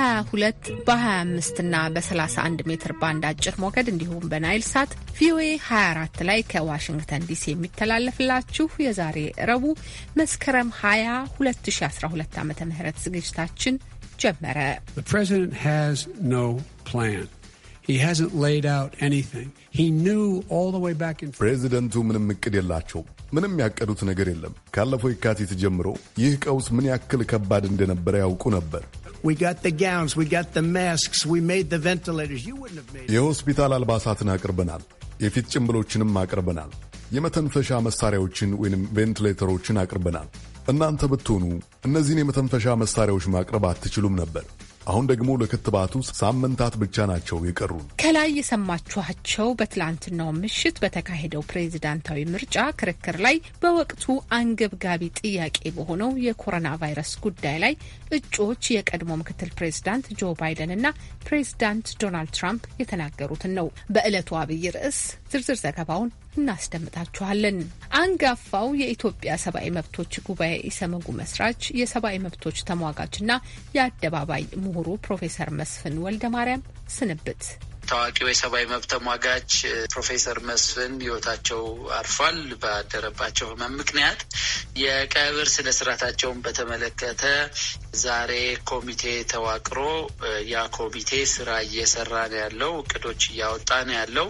በ22 በ25 እና በ31 ሜትር ባንድ አጭር ሞገድ እንዲሁም በናይል ሳት ቪኦኤ 24 ላይ ከዋሽንግተን ዲሲ የሚተላለፍላችሁ የዛሬ ረቡ መስከረም 20 2012 ዓ ም ዝግጅታችን ጀመረ። ፕሬዚደንቱ ምንም እቅድ የላቸው። ምንም ያቀዱት ነገር የለም። ካለፈው የካቲት ጀምሮ ይህ ቀውስ ምን ያክል ከባድ እንደነበረ ያውቁ ነበር። የሆስፒታል አልባሳትን አቅርበናል። የፊት ጭንብሎችንም አቅርበናል። የመተንፈሻ መሳሪያዎችን ወይም ቬንትሌተሮችን አቅርበናል። እናንተ ብትሆኑ እነዚህን የመተንፈሻ መሳሪያዎች ማቅረብ አትችሉም ነበር። አሁን ደግሞ ለክትባቱ ሳምንታት ብቻ ናቸው የቀሩን። ከላይ የሰማችኋቸው በትላንትናው ምሽት በተካሄደው ፕሬዚዳንታዊ ምርጫ ክርክር ላይ በወቅቱ አንገብጋቢ ጥያቄ በሆነው የኮሮና ቫይረስ ጉዳይ ላይ እጩዎች የቀድሞ ምክትል ፕሬዚዳንት ጆ ባይደን እና ፕሬዚዳንት ዶናልድ ትራምፕ የተናገሩትን ነው። በዕለቱ አብይ ርዕስ ዝርዝር ዘገባውን እናስደምጣችኋለን። አንጋፋው የኢትዮጵያ ሰብአዊ መብቶች ጉባኤ ኢሰመጉ መስራች የሰብአዊ መብቶች ተሟጋችና የአደባባይ ምሁሩ ፕሮፌሰር መስፍን ወልደ ማርያም ስንብት ታዋቂው የሰብአዊ መብት ተሟጋች ፕሮፌሰር መስፍን ህይወታቸው አርፏል ባደረባቸው ህመም ምክንያት። የቀብር ስነ ስርዓታቸውን በተመለከተ ዛሬ ኮሚቴ ተዋቅሮ ያ ኮሚቴ ስራ እየሰራ ነው ያለው፣ እቅዶች እያወጣ ነው ያለው።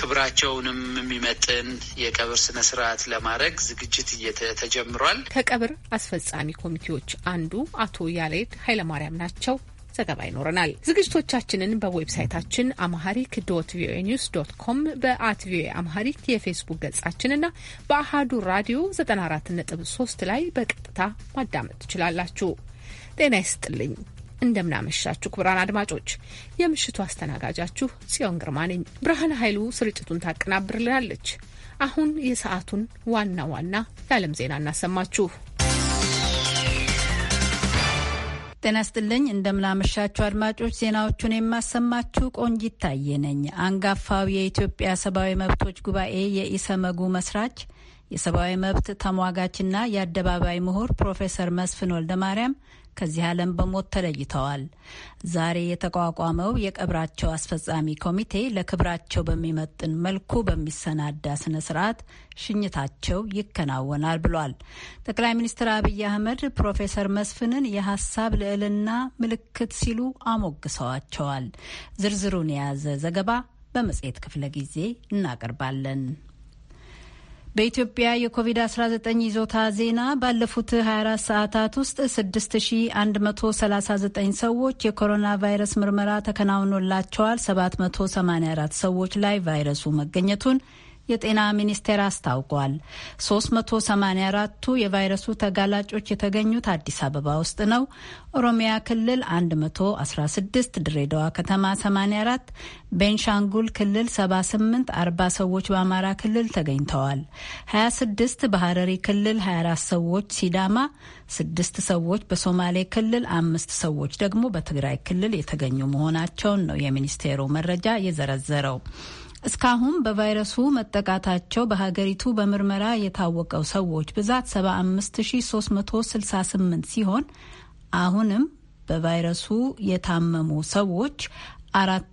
ክብራቸውንም የሚመጥን የቀብር ስነ ስርዓት ለማድረግ ዝግጅት ተጀምሯል። ከቀብር አስፈጻሚ ኮሚቴዎች አንዱ አቶ ያሬድ ኃይለማርያም ናቸው። ዘገባ ይኖረናል። ዝግጅቶቻችንን በዌብሳይታችን አምሃሪክ ዶት ቪኦኤ ኒውስ ዶት ኮም በአት ቪኦኤ አምሃሪክ የፌስቡክ ገጻችንና በአሃዱ ራዲዮ 94.3 ላይ በቀጥታ ማዳመጥ ትችላላችሁ። ጤና ይስጥልኝ። እንደምናመሻችሁ ክቡራን አድማጮች፣ የምሽቱ አስተናጋጃችሁ ጽዮን ግርማ ነኝ። ብርሃን ኃይሉ ስርጭቱን ታቀናብርልናለች። አሁን የሰዓቱን ዋና ዋና የዓለም ዜና እናሰማችሁ። ጤና ስጥልኝ እንደምናመሻችሁ አድማጮች፣ ዜናዎቹን የማሰማችሁ ቆንጅ ይታየ ነኝ። አንጋፋው የኢትዮጵያ ሰብአዊ መብቶች ጉባኤ የኢሰመጉ መስራች የሰብአዊ መብት ተሟጋችና የአደባባይ ምሁር ፕሮፌሰር መስፍን ወልደማርያም ማርያም ከዚህ ዓለም በሞት ተለይተዋል። ዛሬ የተቋቋመው የቀብራቸው አስፈጻሚ ኮሚቴ ለክብራቸው በሚመጥን መልኩ በሚሰናዳ ስነ ስርዓት ሽኝታቸው ይከናወናል ብሏል። ጠቅላይ ሚኒስትር አብይ አህመድ ፕሮፌሰር መስፍንን የሀሳብ ልዕልና ምልክት ሲሉ አሞግሰዋቸዋል። ዝርዝሩን የያዘ ዘገባ በመጽሔት ክፍለ ጊዜ እናቀርባለን። በኢትዮጵያ የኮቪድ-19 ይዞታ ዜና ባለፉት 24 ሰዓታት ውስጥ 6139 ሰዎች የኮሮና ቫይረስ ምርመራ ተከናውኖላቸዋል። 784 ሰዎች ላይ ቫይረሱ መገኘቱን የጤና ሚኒስቴር አስታውቋል። 384ቱ የቫይረሱ ተጋላጮች የተገኙት አዲስ አበባ ውስጥ ነው። ኦሮሚያ ክልል 116፣ ድሬዳዋ ከተማ 84፣ ቤንሻንጉል ክልል 78፣ 40 ሰዎች በአማራ ክልል ተገኝተዋል። 26 በሐረሪ ክልል 24 ሰዎች ሲዳማ፣ ስድስት ሰዎች በሶማሌ ክልል፣ አምስት ሰዎች ደግሞ በትግራይ ክልል የተገኙ መሆናቸውን ነው የሚኒስቴሩ መረጃ የዘረዘረው። እስካሁን በቫይረሱ መጠቃታቸው በሀገሪቱ በምርመራ የታወቀው ሰዎች ብዛት 75368 ሲሆን አሁንም በቫይረሱ የታመሙ ሰዎች አራት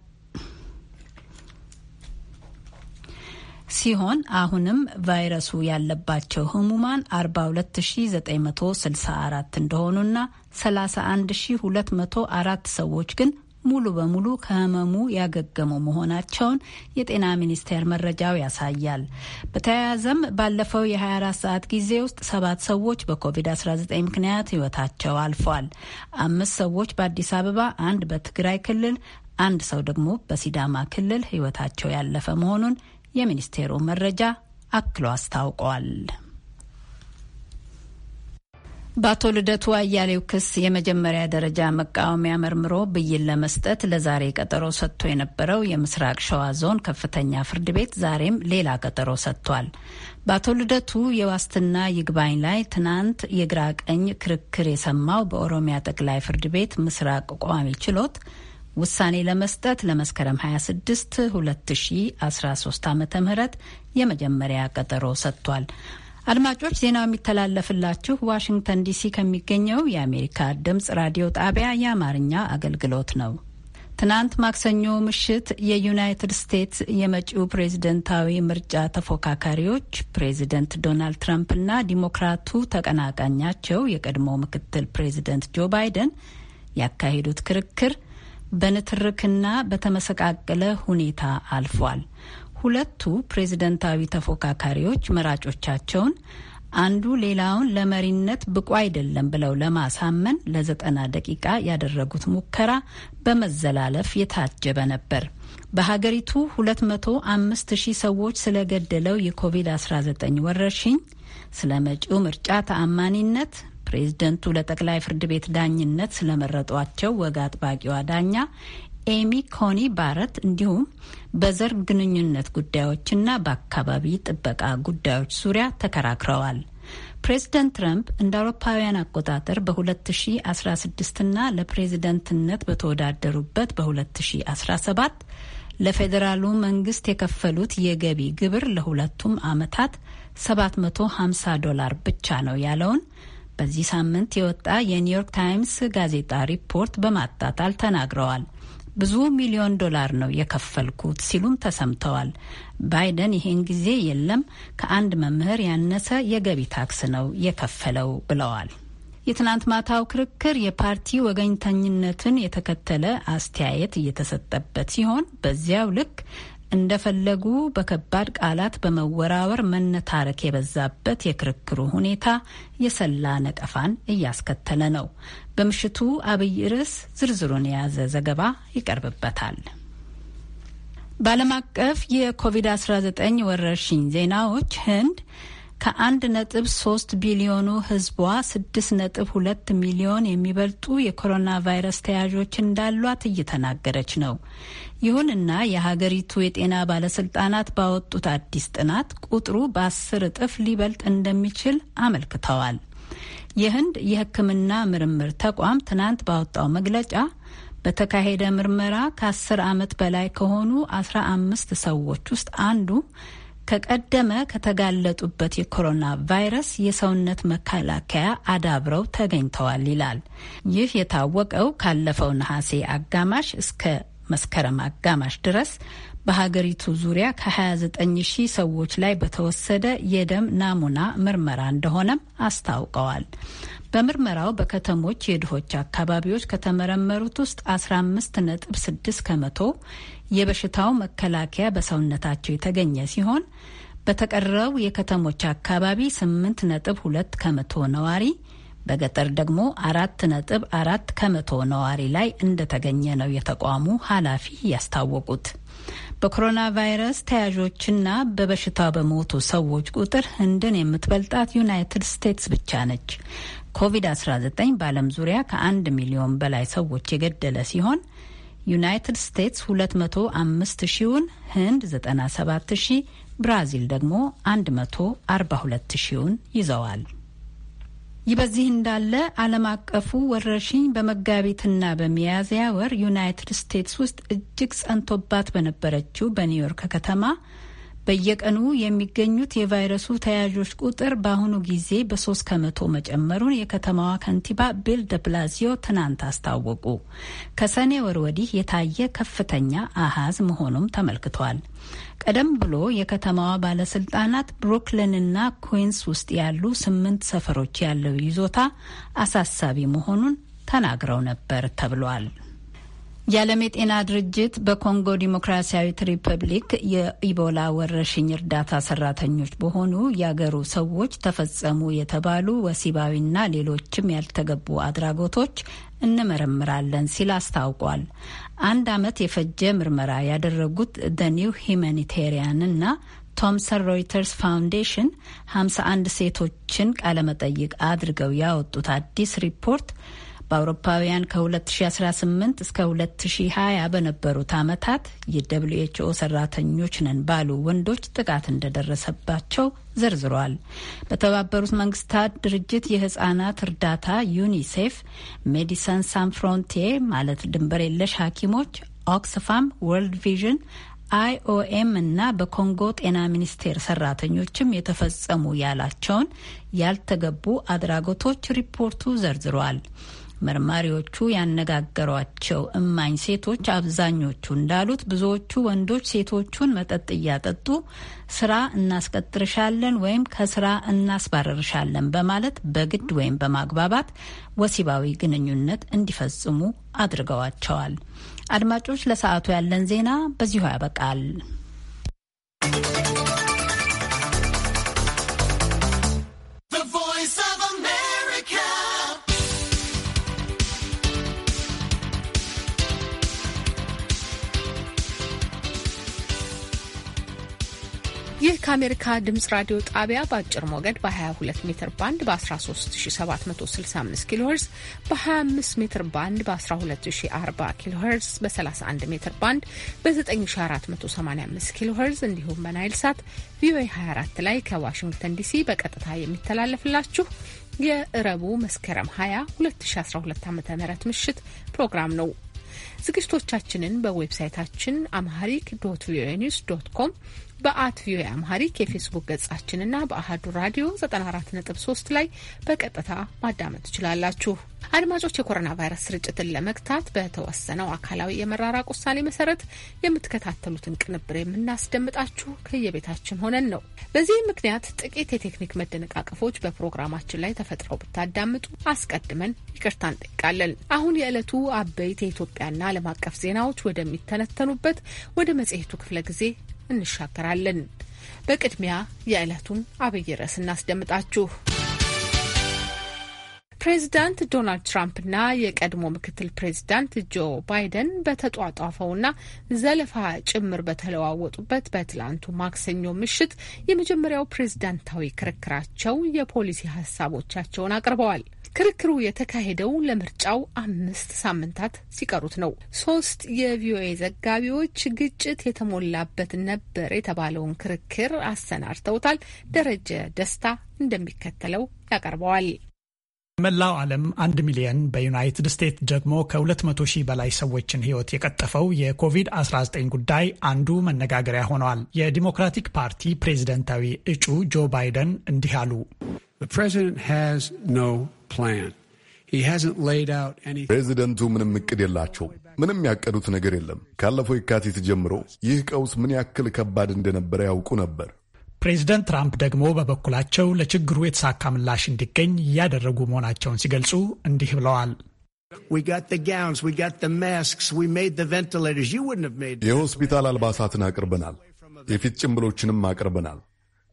ሲሆን አሁንም ቫይረሱ ያለባቸው ህሙማን 42964 እንደሆኑና 31204 ሰዎች ግን ሙሉ በሙሉ ከህመሙ ያገገሙ መሆናቸውን የጤና ሚኒስቴር መረጃው ያሳያል። በተያያዘም ባለፈው የ24 ሰዓት ጊዜ ውስጥ ሰባት ሰዎች በኮቪድ-19 ምክንያት ህይወታቸው አልፏል። አምስት ሰዎች በአዲስ አበባ፣ አንድ በትግራይ ክልል፣ አንድ ሰው ደግሞ በሲዳማ ክልል ህይወታቸው ያለፈ መሆኑን የሚኒስቴሩ መረጃ አክሎ አስታውቋል። በአቶ ልደቱ አያሌው ክስ የመጀመሪያ ደረጃ መቃወሚያ መርምሮ ብይን ለመስጠት ለዛሬ ቀጠሮ ሰጥቶ የነበረው የምስራቅ ሸዋ ዞን ከፍተኛ ፍርድ ቤት ዛሬም ሌላ ቀጠሮ ሰጥቷል። በአቶ ልደቱ የዋስትና ይግባኝ ላይ ትናንት የግራ ቀኝ ክርክር የሰማው በኦሮሚያ ጠቅላይ ፍርድ ቤት ምስራቅ ቋሚ ችሎት ውሳኔ ለመስጠት ለመስከረም 26 2013 ዓ ም የመጀመሪያ ቀጠሮ ሰጥቷል። አድማጮች ዜናው የሚተላለፍላችሁ ዋሽንግተን ዲሲ ከሚገኘው የአሜሪካ ድምጽ ራዲዮ ጣቢያ የአማርኛ አገልግሎት ነው። ትናንት ማክሰኞ ምሽት የዩናይትድ ስቴትስ የመጪው ፕሬዝደንታዊ ምርጫ ተፎካካሪዎች ፕሬዝደንት ዶናልድ ትራምፕና ዲሞክራቱ ተቀናቃኛቸው የቀድሞ ምክትል ፕሬዝደንት ጆ ባይደን ያካሄዱት ክርክር በንትርክና በተመሰቃቀለ ሁኔታ አልፏል። ሁለቱ ፕሬዝደንታዊ ተፎካካሪዎች መራጮቻቸውን አንዱ ሌላውን ለመሪነት ብቁ አይደለም ብለው ለማሳመን ለዘጠና ደቂቃ ያደረጉት ሙከራ በመዘላለፍ የታጀበ ነበር። በሀገሪቱ 2መቶ አምስት ሺህ ሰዎች ስለገደለው የኮቪድ-19 ወረርሽኝ፣ ስለ መጪው ምርጫ ተአማኒነት፣ ፕሬዝደንቱ ለጠቅላይ ፍርድ ቤት ዳኝነት ስለመረጧቸው ወግ አጥባቂዋ ዳኛ ኤሚ ኮኒ ባረት እንዲሁም በዘር ግንኙነት ጉዳዮችና በአካባቢ ጥበቃ ጉዳዮች ዙሪያ ተከራክረዋል። ፕሬዚደንት ትራምፕ እንደ አውሮፓውያን አቆጣጠር በ2016ና ለፕሬዝደንትነት በተወዳደሩበት በ2017 ለፌዴራሉ መንግስት የከፈሉት የገቢ ግብር ለሁለቱም ዓመታት 750 ዶላር ብቻ ነው ያለውን በዚህ ሳምንት የወጣ የኒውዮርክ ታይምስ ጋዜጣ ሪፖርት በማጣጣል ተናግረዋል። ብዙ ሚሊዮን ዶላር ነው የከፈልኩት ሲሉም ተሰምተዋል። ባይደን ይህን ጊዜ የለም ከአንድ መምህር ያነሰ የገቢ ታክስ ነው የከፈለው ብለዋል። የትናንት ማታው ክርክር የፓርቲ ወገኝተኝነትን የተከተለ አስተያየት እየተሰጠበት ሲሆን በዚያው ልክ እንደፈለጉ በከባድ ቃላት በመወራወር መነታረክ የበዛበት የክርክሩ ሁኔታ የሰላ ነቀፋን እያስከተለ ነው። በምሽቱ አብይ ርዕስ ዝርዝሩን የያዘ ዘገባ ይቀርብበታል። በዓለም አቀፍ የኮቪድ-19 ወረርሽኝ ዜናዎች ህንድ ከአንድ ነጥብ ሶስት ቢሊዮኑ ህዝቧ ስድስት ነጥብ ሁለት ሚሊዮን የሚበልጡ የኮሮና ቫይረስ ተያዦች እንዳሏት እየተናገረች ነው። ይሁንና የሀገሪቱ የጤና ባለስልጣናት ባወጡት አዲስ ጥናት ቁጥሩ በአስር እጥፍ ሊበልጥ እንደሚችል አመልክተዋል። የህንድ የሕክምና ምርምር ተቋም ትናንት ባወጣው መግለጫ በተካሄደ ምርመራ ከአስር ዓመት በላይ ከሆኑ አስራ አምስት ሰዎች ውስጥ አንዱ ከቀደመ ከተጋለጡበት የኮሮና ቫይረስ የሰውነት መከላከያ አዳብረው ተገኝተዋል ይላል። ይህ የታወቀው ካለፈው ነሐሴ አጋማሽ እስከ መስከረም አጋማሽ ድረስ በሀገሪቱ ዙሪያ ከ29 ሺህ ሰዎች ላይ በተወሰደ የደም ናሙና ምርመራ እንደሆነም አስታውቀዋል። በምርመራው በከተሞች የድሆች አካባቢዎች ከተመረመሩት ውስጥ 15.6 ከመቶ የበሽታው መከላከያ በሰውነታቸው የተገኘ ሲሆን በተቀረው የከተሞች አካባቢ 8.2 ከመቶ ነዋሪ በገጠር ደግሞ አራት ነጥብ አራት ከመቶ ነዋሪ ላይ እንደተገኘ ነው የተቋሙ ኃላፊ ያስታወቁት። በኮሮና ቫይረስ ተያዦችና በበሽታ በሞቱ ሰዎች ቁጥር ህንድን የምትበልጣት ዩናይትድ ስቴትስ ብቻ ነች። ኮቪድ-19 በዓለም ዙሪያ ከአንድ ሚሊዮን በላይ ሰዎች የገደለ ሲሆን ዩናይትድ ስቴትስ 205 ሺውን፣ ህንድ 97 ሺ፣ ብራዚል ደግሞ 142 ሺውን ይዘዋል። ይህ በዚህ እንዳለ ዓለም አቀፉ ወረርሽኝ በመጋቢትና በሚያዝያ ወር ዩናይትድ ስቴትስ ውስጥ እጅግ ጸንቶባት በነበረችው በኒውዮርክ ከተማ በየቀኑ የሚገኙት የቫይረሱ ተያዦች ቁጥር በአሁኑ ጊዜ በሶስት ከመቶ መጨመሩን የከተማዋ ከንቲባ ቢል ደብላዚዮ ትናንት አስታወቁ። ከሰኔ ወር ወዲህ የታየ ከፍተኛ አሃዝ መሆኑም ተመልክቷል። ቀደም ብሎ የከተማዋ ባለስልጣናት ብሩክሊንና ኩዊንስ ውስጥ ያሉ ስምንት ሰፈሮች ያለው ይዞታ አሳሳቢ መሆኑን ተናግረው ነበር ተብሏል። የዓለም የጤና ድርጅት በኮንጎ ዲሞክራሲያዊት ሪፐብሊክ የኢቦላ ወረርሽኝ እርዳታ ሰራተኞች በሆኑ የአገሩ ሰዎች ተፈጸሙ የተባሉ ወሲባዊና ሌሎችም ያልተገቡ አድራጎቶች እንመረምራለን ሲል አስታውቋል። አንድ ዓመት የፈጀ ምርመራ ያደረጉት ደኒው ሂማኒቴሪያን እና ቶምሰን ሮይተርስ ፋውንዴሽን 51 ሴቶችን ቃለመጠይቅ አድርገው ያወጡት አዲስ ሪፖርት በአውሮፓውያን ከ2018 እስከ 2020 በነበሩት ዓመታት የደብልዩ ኤች ኦ ሰራተኞች ነን ባሉ ወንዶች ጥቃት እንደደረሰባቸው ዘርዝሯል። በተባበሩት መንግስታት ድርጅት የህጻናት እርዳታ ዩኒሴፍ፣ ሜዲሰን ሳን ፍሮንቴ ማለት ድንበር የለሽ ሐኪሞች፣ ኦክስፋም፣ ወርልድ ቪዥን አይኦኤም እና በኮንጎ ጤና ሚኒስቴር ሰራተኞችም የተፈጸሙ ያላቸውን ያልተገቡ አድራጎቶች ሪፖርቱ ዘርዝሯል። መርማሪዎቹ ያነጋገሯቸው እማኝ ሴቶች አብዛኞቹ እንዳሉት ብዙዎቹ ወንዶች ሴቶቹን መጠጥ እያጠጡ ስራ እናስቀጥርሻለን ወይም ከስራ እናስባረርሻለን በማለት በግድ ወይም በማግባባት ወሲባዊ ግንኙነት እንዲፈጽሙ አድርገዋቸዋል። አድማጮች፣ ለሰዓቱ ያለን ዜና በዚሁ ያበቃል። ይህ ከአሜሪካ ድምጽ ራዲዮ ጣቢያ በአጭር ሞገድ በ22 ሜትር ባንድ በ13765 ኪሎ ሄርዝ በ25 ሜትር ባንድ በ1240 ኪሎ ሄርዝ በ31 ሜትር ባንድ በ9485 ኪሎ ሄርዝ እንዲሁም በናይል ሳት ቪኦኤ 24 ላይ ከዋሽንግተን ዲሲ በቀጥታ የሚተላለፍላችሁ የእረቡ መስከረም 20 2012 ዓ ም ምሽት ፕሮግራም ነው። ዝግጅቶቻችንን በዌብሳይታችን አምሃሪክ ዶት ቪኦኤ ኒውስ ዶት ኮም በአት ቪኦኤ አምሃሪክ የፌስቡክ ገጻችንና በአህዱ ራዲዮ 94.3 ላይ በቀጥታ ማዳመጥ ትችላላችሁ። አድማጮች፣ የኮሮና ቫይረስ ስርጭትን ለመግታት በተወሰነው አካላዊ የመራራቅ ውሳኔ መሰረት የምትከታተሉትን ቅንብር የምናስደምጣችሁ ከየቤታችን ሆነን ነው። በዚህ ምክንያት ጥቂት የቴክኒክ መደነቃቀፎች በፕሮግራማችን ላይ ተፈጥረው ብታዳምጡ አስቀድመን ይቅርታ እንጠይቃለን። አሁን የዕለቱ አበይት የኢትዮጵያና ዓለም አቀፍ ዜናዎች ወደሚተነተኑበት ወደ መጽሔቱ ክፍለ ጊዜ እንሻገራለን። በቅድሚያ የዕለቱን አብይ ርዕስ እናስደምጣችሁ። ፕሬዚዳንት ዶናልድ ትራምፕና የቀድሞ ምክትል ፕሬዚዳንት ጆ ባይደን በተጧጧፈውና ዘለፋ ጭምር በተለዋወጡበት በትላንቱ ማክሰኞ ምሽት የመጀመሪያው ፕሬዚዳንታዊ ክርክራቸው የፖሊሲ ሀሳቦቻቸውን አቅርበዋል። ክርክሩ የተካሄደው ለምርጫው አምስት ሳምንታት ሲቀሩት ነው። ሶስት የቪኦኤ ዘጋቢዎች ግጭት የተሞላበት ነበር የተባለውን ክርክር አሰናድተውታል። ደረጀ ደስታ እንደሚከተለው ያቀርበዋል። መላው ዓለም አንድ ሚሊየን በዩናይትድ ስቴትስ ደግሞ ከ200 ሺህ በላይ ሰዎችን ሕይወት የቀጠፈው የኮቪድ-19 ጉዳይ አንዱ መነጋገሪያ ሆነዋል። የዲሞክራቲክ ፓርቲ ፕሬዝደንታዊ እጩ ጆ ባይደን እንዲህ አሉ። ፕሬዚደንቱ ምንም እቅድ የላቸውም። ምንም ያቀዱት ነገር የለም። ካለፈው የካቲት ጀምሮ ይህ ቀውስ ምን ያክል ከባድ እንደነበረ ያውቁ ነበር። ፕሬዚደንት ትራምፕ ደግሞ በበኩላቸው ለችግሩ የተሳካ ምላሽ እንዲገኝ እያደረጉ መሆናቸውን ሲገልጹ እንዲህ ብለዋል። የሆስፒታል አልባሳትን አቅርበናል። የፊት ጭንብሎችንም አቅርበናል።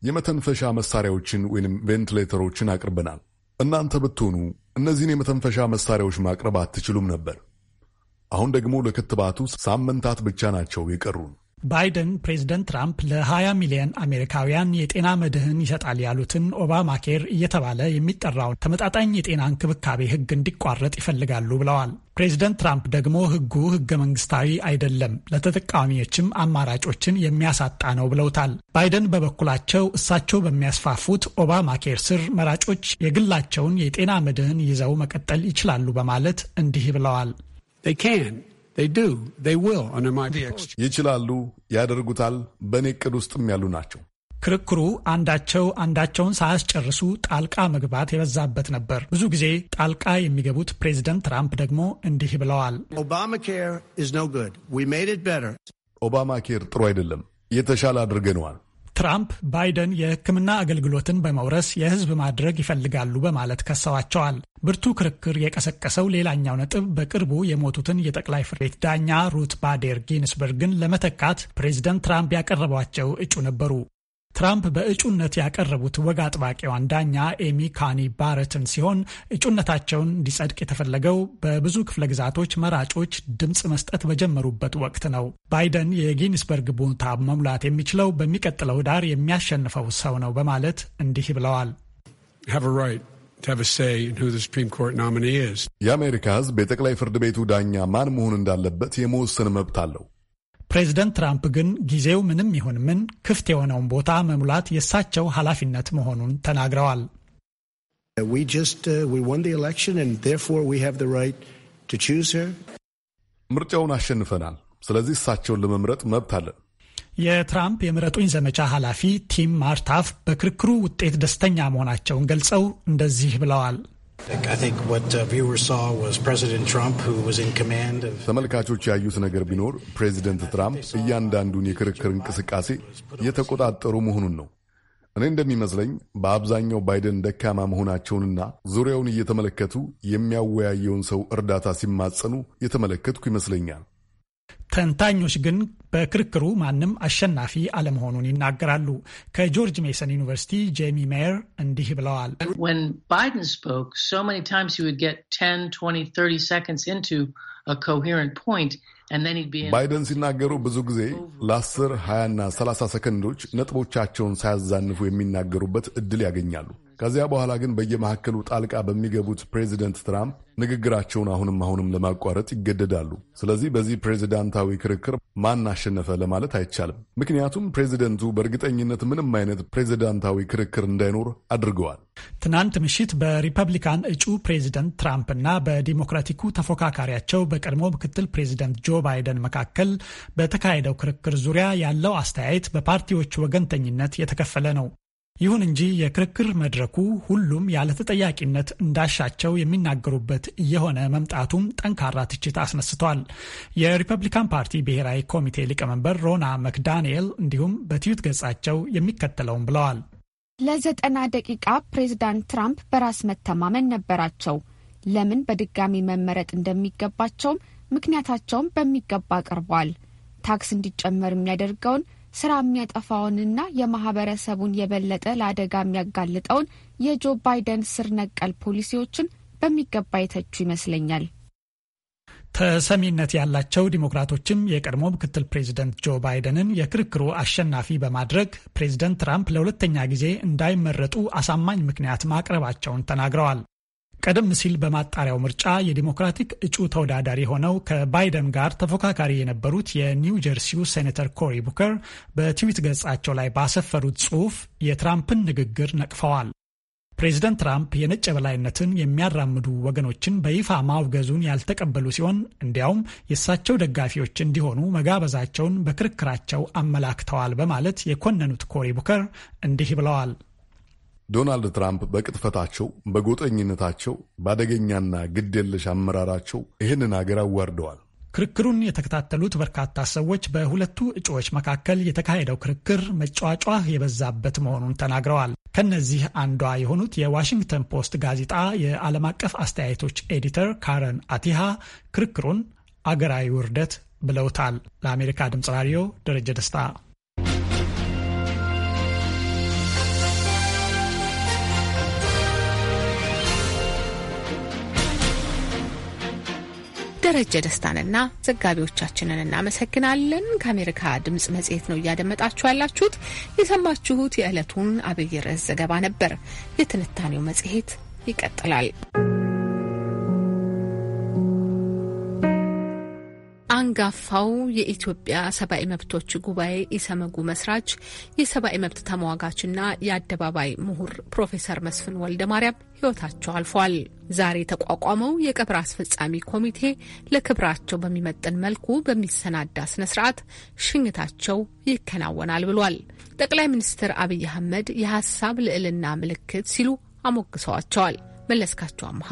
የመተንፈሻ መሳሪያዎችን ወይም ቬንትሌተሮችን አቅርበናል። እናንተ ብትሆኑ እነዚህን የመተንፈሻ መሳሪያዎች ማቅረብ አትችሉም ነበር። አሁን ደግሞ ለክትባቱ ሳምንታት ብቻ ናቸው የቀሩን። ባይደን ፕሬዝደንት ትራምፕ ለ20 ሚሊዮን አሜሪካውያን የጤና መድህን ይሰጣል ያሉትን ኦባማ ኬር እየተባለ የሚጠራውን ተመጣጣኝ የጤና እንክብካቤ ህግ እንዲቋረጥ ይፈልጋሉ ብለዋል። ፕሬዝደንት ትራምፕ ደግሞ ህጉ ህገ መንግስታዊ አይደለም፣ ለተጠቃሚዎችም አማራጮችን የሚያሳጣ ነው ብለውታል። ባይደን በበኩላቸው እሳቸው በሚያስፋፉት ኦባማ ኬር ስር መራጮች የግላቸውን የጤና መድህን ይዘው መቀጠል ይችላሉ በማለት እንዲህ ብለዋል። ይችላሉ፣ ያደርጉታል። በእኔ እቅድ ውስጥም ያሉ ናቸው። ክርክሩ አንዳቸው አንዳቸውን ሳያስጨርሱ ጣልቃ መግባት የበዛበት ነበር። ብዙ ጊዜ ጣልቃ የሚገቡት ፕሬዚደንት ትራምፕ ደግሞ እንዲህ ብለዋል። ኦባማ ኬር ጥሩ አይደለም፣ የተሻለ አድርገነዋል። ትራምፕ ባይደን የሕክምና አገልግሎትን በመውረስ የህዝብ ማድረግ ይፈልጋሉ በማለት ከሰዋቸዋል። ብርቱ ክርክር የቀሰቀሰው ሌላኛው ነጥብ በቅርቡ የሞቱትን የጠቅላይ ፍርድ ቤት ዳኛ ሩት ባዴር ጊንስበርግን ለመተካት ፕሬዚደንት ትራምፕ ያቀረቧቸው እጩ ነበሩ። ትራምፕ በእጩነት ያቀረቡት ወግ አጥባቂዋን ዳኛ ኤሚ ካኒ ባረትን ሲሆን እጩነታቸውን እንዲጸድቅ የተፈለገው በብዙ ክፍለ ግዛቶች መራጮች ድምፅ መስጠት በጀመሩበት ወቅት ነው። ባይደን የጊንስበርግ ቦታ መሙላት የሚችለው በሚቀጥለው ዳር የሚያሸንፈው ሰው ነው በማለት እንዲህ ብለዋል። የአሜሪካ ሕዝብ የጠቅላይ ፍርድ ቤቱ ዳኛ ማን መሆን እንዳለበት የመወሰን መብት አለው። ፕሬዝደንት ትራምፕ ግን ጊዜው ምንም ይሁን ምን ክፍት የሆነውን ቦታ መሙላት የእሳቸው ኃላፊነት መሆኑን ተናግረዋል። uh, ምርጫውን አሸንፈናል። ስለዚህ እሳቸውን ለመምረጥ መብት አለን። የትራምፕ የምረጡኝ ዘመቻ ኃላፊ ቲም ማርታፍ በክርክሩ ውጤት ደስተኛ መሆናቸውን ገልጸው እንደዚህ ብለዋል። Uh, ተመልካቾች ያዩት ነገር ቢኖር ፕሬዚደንት ትራምፕ እያንዳንዱን የክርክር እንቅስቃሴ እየተቆጣጠሩ መሆኑን ነው። እኔ እንደሚመስለኝ በአብዛኛው ባይደን ደካማ መሆናቸውንና ዙሪያውን እየተመለከቱ የሚያወያየውን ሰው እርዳታ ሲማጸኑ የተመለከትኩ ይመስለኛል። ተንታኞች ግን በክርክሩ ማንም አሸናፊ አለመሆኑን ይናገራሉ። ከጆርጅ ሜሰን ዩኒቨርሲቲ ጄሚ ሜየር እንዲህ ብለዋል። ባይደን ሲናገሩ ብዙ ጊዜ ለ10፣ 20ና 30 ሰከንዶች ነጥቦቻቸውን ሳያዛንፉ የሚናገሩበት እድል ያገኛሉ። ከዚያ በኋላ ግን በየመካከሉ ጣልቃ በሚገቡት ፕሬዚደንት ትራምፕ ንግግራቸውን አሁንም አሁንም ለማቋረጥ ይገደዳሉ። ስለዚህ በዚህ ፕሬዚዳንታዊ ክርክር ማን አሸነፈ ለማለት አይቻልም። ምክንያቱም ፕሬዚደንቱ በእርግጠኝነት ምንም አይነት ፕሬዚዳንታዊ ክርክር እንዳይኖር አድርገዋል። ትናንት ምሽት በሪፐብሊካን እጩ ፕሬዚደንት ትራምፕ እና በዲሞክራቲኩ ተፎካካሪያቸው በቀድሞ ምክትል ፕሬዚደንት ጆ ባይደን መካከል በተካሄደው ክርክር ዙሪያ ያለው አስተያየት በፓርቲዎች ወገንተኝነት የተከፈለ ነው። ይሁን እንጂ የክርክር መድረኩ ሁሉም ያለ ተጠያቂነት እንዳሻቸው የሚናገሩበት እየሆነ መምጣቱም ጠንካራ ትችት አስነስቷል። የሪፐብሊካን ፓርቲ ብሔራዊ ኮሚቴ ሊቀመንበር ሮና መክዳንኤል እንዲሁም በትዊት ገጻቸው የሚከተለውን ብለዋል። ለዘጠና ደቂቃ ፕሬዝዳንት ትራምፕ በራስ መተማመን ነበራቸው። ለምን በድጋሚ መመረጥ እንደሚገባቸውም ምክንያታቸውም በሚገባ አቅርበዋል። ታክስ እንዲጨመር የሚያደርገውን ስራ የሚያጠፋውንና የማህበረሰቡን የበለጠ ለአደጋ የሚያጋልጠውን የጆ ባይደን ስር ነቀል ፖሊሲዎችን በሚገባ የተቹ ይመስለኛል። ተሰሚነት ያላቸው ዲሞክራቶችም የቀድሞ ምክትል ፕሬዚደንት ጆ ባይደንን የክርክሩ አሸናፊ በማድረግ ፕሬዚደንት ትራምፕ ለሁለተኛ ጊዜ እንዳይመረጡ አሳማኝ ምክንያት ማቅረባቸውን ተናግረዋል። ቀደም ሲል በማጣሪያው ምርጫ የዲሞክራቲክ እጩ ተወዳዳሪ ሆነው ከባይደን ጋር ተፎካካሪ የነበሩት የኒው ጀርሲው ሴኔተር ኮሪ ቡከር በትዊት ገጻቸው ላይ ባሰፈሩት ጽሑፍ የትራምፕን ንግግር ነቅፈዋል። ፕሬዚደንት ትራምፕ የነጭ የበላይነትን የሚያራምዱ ወገኖችን በይፋ ማውገዙን ያልተቀበሉ ሲሆን እንዲያውም የእሳቸው ደጋፊዎች እንዲሆኑ መጋበዛቸውን በክርክራቸው አመላክተዋል በማለት የኮነኑት ኮሪ ቡከር እንዲህ ብለዋል። ዶናልድ ትራምፕ በቅጥፈታቸው፣ በጎጠኝነታቸው፣ በአደገኛና ግድየለሽ አመራራቸው ይህንን አገር አዋርደዋል። ክርክሩን የተከታተሉት በርካታ ሰዎች በሁለቱ እጩዎች መካከል የተካሄደው ክርክር መጯጫህ የበዛበት መሆኑን ተናግረዋል። ከነዚህ አንዷ የሆኑት የዋሽንግተን ፖስት ጋዜጣ የዓለም አቀፍ አስተያየቶች ኤዲተር ካረን አቲሃ ክርክሩን አገራዊ ውርደት ብለውታል። ለአሜሪካ ድምፅ ራዲዮ ደረጀ ደስታ ደረጀ ደስታንና ዘጋቢዎቻችንን እናመሰግናለን። ከአሜሪካ ድምጽ መጽሔት ነው እያደመጣችሁ ያላችሁት። የሰማችሁት የዕለቱን አብይ ርዕስ ዘገባ ነበር። የትንታኔው መጽሔት ይቀጥላል። አንጋፋው የኢትዮጵያ ሰብአዊ መብቶች ጉባኤ ኢሰመጉ መስራች የሰብአዊ መብት ተሟጋችና የአደባባይ ምሁር ፕሮፌሰር መስፍን ወልደ ማርያም ሕይወታቸው አልፏል። ዛሬ የተቋቋመው የቀብር አስፈጻሚ ኮሚቴ ለክብራቸው በሚመጥን መልኩ በሚሰናዳ ስነ ስርዓት ሽኝታቸው ይከናወናል ብሏል። ጠቅላይ ሚኒስትር አብይ አህመድ የሀሳብ ልዕልና ምልክት ሲሉ አሞግሰዋቸዋል። መለስካቸው አምሃ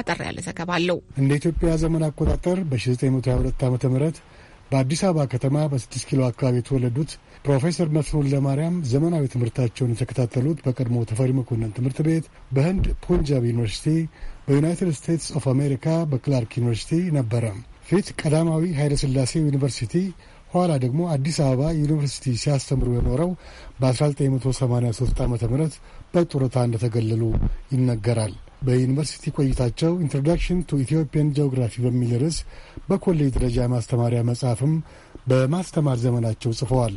አጠር ያለ ዘገባ አለው። እንደ ኢትዮጵያ ዘመን አቆጣጠር በ1922 ዓ ም በአዲስ አበባ ከተማ በ6 ኪሎ አካባቢ የተወለዱት ፕሮፌሰር መስፍን ለማርያም ዘመናዊ ትምህርታቸውን የተከታተሉት በቀድሞ ተፈሪ መኮንን ትምህርት ቤት፣ በህንድ ፑንጃብ ዩኒቨርሲቲ፣ በዩናይትድ ስቴትስ ኦፍ አሜሪካ በክላርክ ዩኒቨርሲቲ ነበረ። ፊት ቀዳማዊ ኃይለስላሴ ዩኒቨርሲቲ ኋላ ደግሞ አዲስ አበባ ዩኒቨርሲቲ ሲያስተምሩ የኖረው በ1983 ዓ ም በጡረታ እንደተገለሉ ይነገራል። በዩኒቨርሲቲ ቆይታቸው ኢንትሮዳክሽን ቱ ኢትዮጵያን ጂኦግራፊ በሚል ርዕስ በኮሌጅ ደረጃ ማስተማሪያ መጽሐፍም በማስተማር ዘመናቸው ጽፈዋል።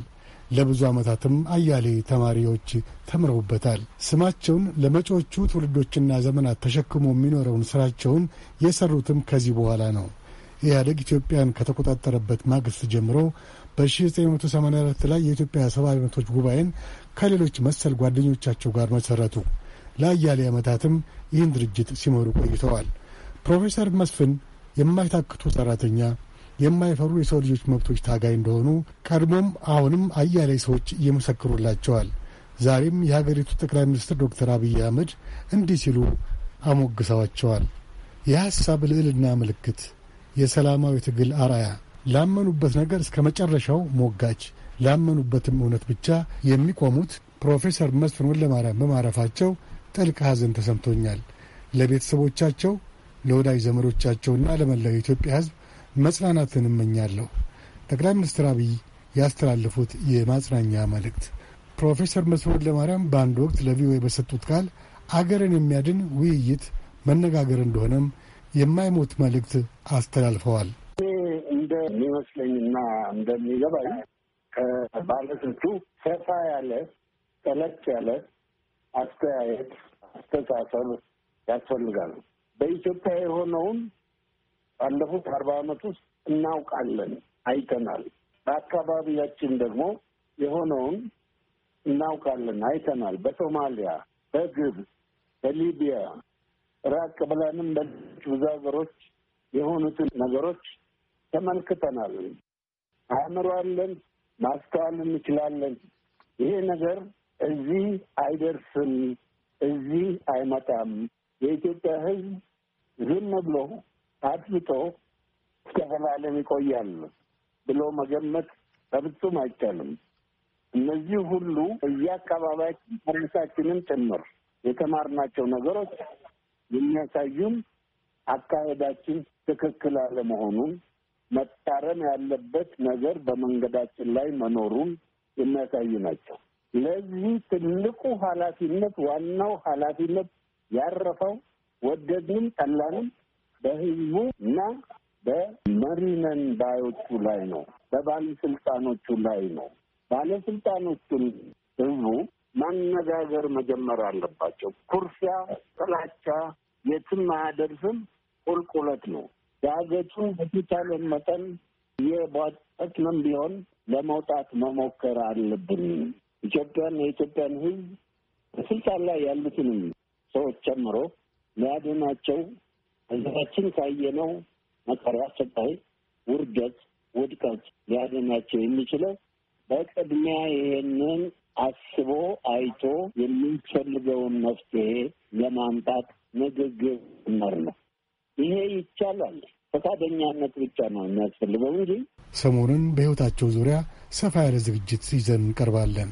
ለብዙ ዓመታትም አያሌ ተማሪዎች ተምረውበታል። ስማቸውን ለመጪዎቹ ትውልዶችና ዘመናት ተሸክሞ የሚኖረውን ስራቸውን የሰሩትም ከዚህ በኋላ ነው። ኢህአደግ ኢትዮጵያን ከተቆጣጠረበት ማግስት ጀምሮ በ1984 ላይ የኢትዮጵያ ሰብአዊ መብቶች ጉባኤን ከሌሎች መሰል ጓደኞቻቸው ጋር መሰረቱ። ለአያሌ ዓመታትም ይህን ድርጅት ሲመሩ ቆይተዋል። ፕሮፌሰር መስፍን የማይታክቱ ሠራተኛ፣ የማይፈሩ የሰው ልጆች መብቶች ታጋይ እንደሆኑ ቀድሞም አሁንም አያሌ ሰዎች እየመሰክሩላቸዋል። ዛሬም የሀገሪቱ ጠቅላይ ሚኒስትር ዶክተር አብይ አህመድ እንዲህ ሲሉ አሞግሰዋቸዋል። የሐሳብ ልዕልና ምልክት፣ የሰላማዊ ትግል አራያ፣ ላመኑበት ነገር እስከ መጨረሻው ሞጋች፣ ላመኑበትም እውነት ብቻ የሚቆሙት ፕሮፌሰር መስፍን ወልደማርያም በማረፋቸው ጥልቅ ሐዘን ተሰምቶኛል። ለቤተሰቦቻቸው፣ ለወዳጅ ዘመዶቻቸውና ለመላው የኢትዮጵያ ሕዝብ መጽናናትን እመኛለሁ። ጠቅላይ ሚኒስትር አብይ ያስተላለፉት የማጽናኛ መልእክት። ፕሮፌሰር መስፍን ለማርያም በአንድ ወቅት ለቪኦኤ በሰጡት ቃል አገርን የሚያድን ውይይት፣ መነጋገር እንደሆነም የማይሞት መልእክት አስተላልፈዋል። እንደሚመስለኝና እንደሚገባኝ ከባለስልቱ ሰፋ ያለ ጠለቅ ያለ አስተያየት፣ አስተሳሰብ ያስፈልጋል። በኢትዮጵያ የሆነውን ባለፉት አርባ ዓመት ውስጥ እናውቃለን፣ አይተናል። በአካባቢያችን ደግሞ የሆነውን እናውቃለን፣ አይተናል። በሶማሊያ፣ በግብፅ፣ በሊቢያ ራቅ ብለንም በሌሎች ብዙ ሀገሮች የሆኑትን ነገሮች ተመልክተናል። አእምሯለን፣ ማስተዋል እንችላለን። ይሄ ነገር እዚህ አይደርስም፣ እዚህ አይመጣም። የኢትዮጵያ ሕዝብ ዝም ብሎ አድፍጦ እስከ ይቆያል ብሎ መገመት በፍጹም አይቻልም። እነዚህ ሁሉ እየአካባቢያችን ራሳችንን ጭምር የተማርናቸው ነገሮች የሚያሳዩም አካሄዳችን ትክክል አለመሆኑን መታረም ያለበት ነገር በመንገዳችን ላይ መኖሩን የሚያሳዩ ናቸው። ለዚህ ትልቁ ኃላፊነት ዋናው ኃላፊነት ያረፈው ወደድንም ጠላንም በህዝቡ እና በመሪነን ባዮቹ ላይ ነው፣ በባለስልጣኖቹ ላይ ነው። ባለስልጣኖቹን ህዝቡ ማነጋገር መጀመር አለባቸው። ኩርፊያ፣ ጥላቻ የትም አያደርስም፣ ቁልቁለት ነው። ዳገቱን በተቻለን መጠን የቧጠጥንም ቢሆን ለመውጣት መሞከር አለብን። ኢትዮጵያን የኢትዮጵያን ህዝብ በስልጣን ላይ ያሉትንም ሰዎች ጨምሮ ሊያደናቸው ህዝባችን ካየነው መከራ፣ ስቃይ፣ ውርደት፣ ውድቀት ሊያድናቸው የሚችለው በቅድሚያ ይሄንን አስቦ አይቶ የሚፈልገውን መፍትሄ ለማምጣት ንግግር መር ነው። ይሄ ይቻላል። ፈቃደኛነት ብቻ ነው የሚያስፈልገው እንጂ ሰሞኑን በህይወታቸው ዙሪያ ሰፋ ያለ ዝግጅት ይዘን እንቀርባለን።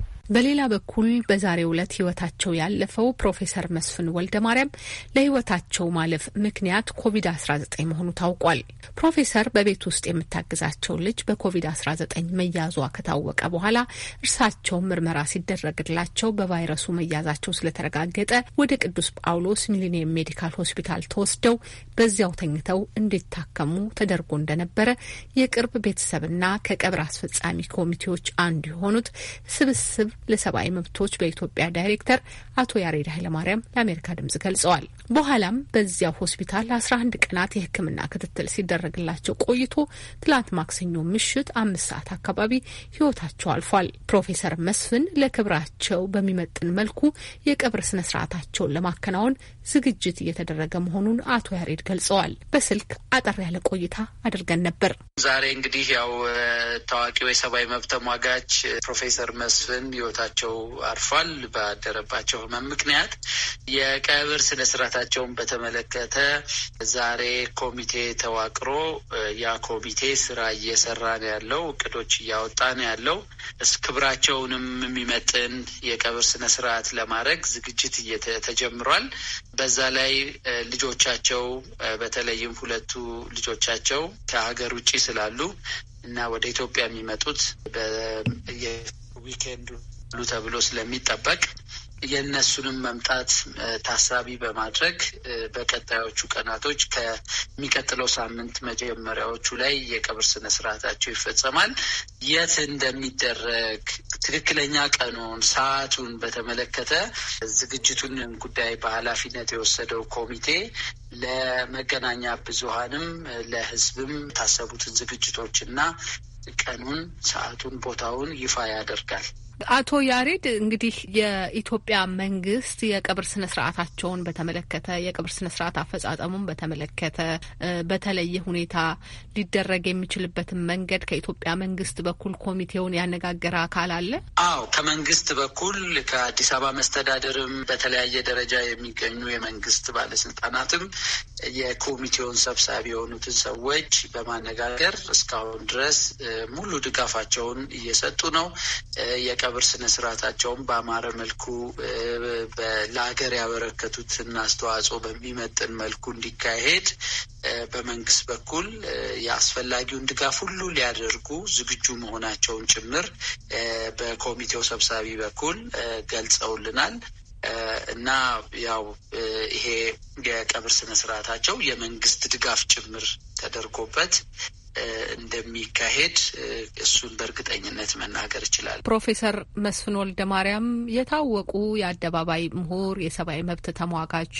በሌላ በኩል በዛሬው ዕለት ህይወታቸው ያለፈው ፕሮፌሰር መስፍን ወልደ ማርያም ለህይወታቸው ማለፍ ምክንያት ኮቪድ-19 መሆኑ ታውቋል። ፕሮፌሰር በቤት ውስጥ የምታግዛቸው ልጅ በኮቪድ-19 መያዟ ከታወቀ በኋላ እርሳቸው ምርመራ ሲደረግላቸው በቫይረሱ መያዛቸው ስለተረጋገጠ ወደ ቅዱስ ጳውሎስ ሚሊኒየም ሜዲካል ሆስፒታል ተወስደው በዚያው ተኝተው እንዲታከሙ ተደርጎ እንደነበረ የቅርብ ቤተሰብና ከቀብር አስፈጻሚ ኮሚቴዎች አንዱ የሆኑት ስብስብ ለሰብአዊ መብቶች በኢትዮጵያ ዳይሬክተር አቶ ያሬድ ኃይለማርያም ለአሜሪካ ድምጽ ገልጸዋል። በኋላም በዚያው ሆስፒታል አስራ አንድ ቀናት የሕክምና ክትትል ሲደረግላቸው ቆይቶ ትላንት ማክሰኞ ምሽት አምስት ሰዓት አካባቢ ህይወታቸው አልፏል። ፕሮፌሰር መስፍን ለክብራቸው በሚመጥን መልኩ የቀብር ስነ ስርዓታቸውን ለማከናወን ዝግጅት እየተደረገ መሆኑን አቶ ያሬድ ገልጸዋል። በስልክ አጠር ያለ ቆይታ አድርገን ነበር። ዛሬ እንግዲህ ያው ታዋቂው የሰብአዊ መብት ተሟጋች ፕሮፌሰር መስፍን ህይወታቸው አርፏል ባደረባቸው ህመም ምክንያት። የቀብር ስነ ስርዓታቸውን በተመለከተ ዛሬ ኮሚቴ ተዋቅሮ ያ ኮሚቴ ስራ እየሰራ ነው ያለው፣ እቅዶች እያወጣ ነው ያለው። ክብራቸውንም የሚመጥን የቀብር ስነ ስርዓት ለማድረግ ዝግጅት ተጀምሯል። በዛ ላይ ልጆቻቸው በተለይም ሁለቱ ልጆቻቸው ከሀገር ውጭ ስላሉ እና ወደ ኢትዮጵያ የሚመጡት በየዊኬንዱ ሉ ተብሎ ስለሚጠበቅ የእነሱንም መምጣት ታሳቢ በማድረግ በቀጣዮቹ ቀናቶች ከሚቀጥለው ሳምንት መጀመሪያዎቹ ላይ የቀብር ስነ ስርዓታቸው ይፈጸማል። የት እንደሚደረግ ትክክለኛ ቀኑን፣ ሰዓቱን በተመለከተ ዝግጅቱን ጉዳይ በኃላፊነት የወሰደው ኮሚቴ ለመገናኛ ብዙሃንም ለህዝብም የታሰቡትን ዝግጅቶች እና ቀኑን፣ ሰዓቱን፣ ቦታውን ይፋ ያደርጋል። አቶ ያሬድ እንግዲህ የኢትዮጵያ መንግስት የቀብር ስነ ስርዓታቸውን በተመለከተ የቀብር ስነ ስርዓት አፈጻጸሙን በተመለከተ በተለየ ሁኔታ ሊደረግ የሚችልበትን መንገድ ከኢትዮጵያ መንግስት በኩል ኮሚቴውን ያነጋገረ አካል አለ? አዎ፣ ከመንግስት በኩል ከአዲስ አበባ መስተዳደርም በተለያየ ደረጃ የሚገኙ የመንግስት ባለስልጣናትም የኮሚቴውን ሰብሳቢ የሆኑትን ሰዎች በማነጋገር እስካሁን ድረስ ሙሉ ድጋፋቸውን እየሰጡ ነው። የቀብር ስነ ስርዓታቸውን በአማረ መልኩ ለሀገር ያበረከቱትን አስተዋጽኦ በሚመጥን መልኩ እንዲካሄድ በመንግስት በኩል የአስፈላጊውን ድጋፍ ሁሉ ሊያደርጉ ዝግጁ መሆናቸውን ጭምር በኮሚቴው ሰብሳቢ በኩል ገልጸውልናል። እና ያው ይሄ የቀብር ስነ ስርዓታቸው የመንግስት ድጋፍ ጭምር ተደርጎበት እንደሚካሄድ እሱን በእርግጠኝነት መናገር ይችላል። ፕሮፌሰር መስፍን ወልደ ማርያም የታወቁ የአደባባይ ምሁር፣ የሰብአዊ መብት ተሟጋች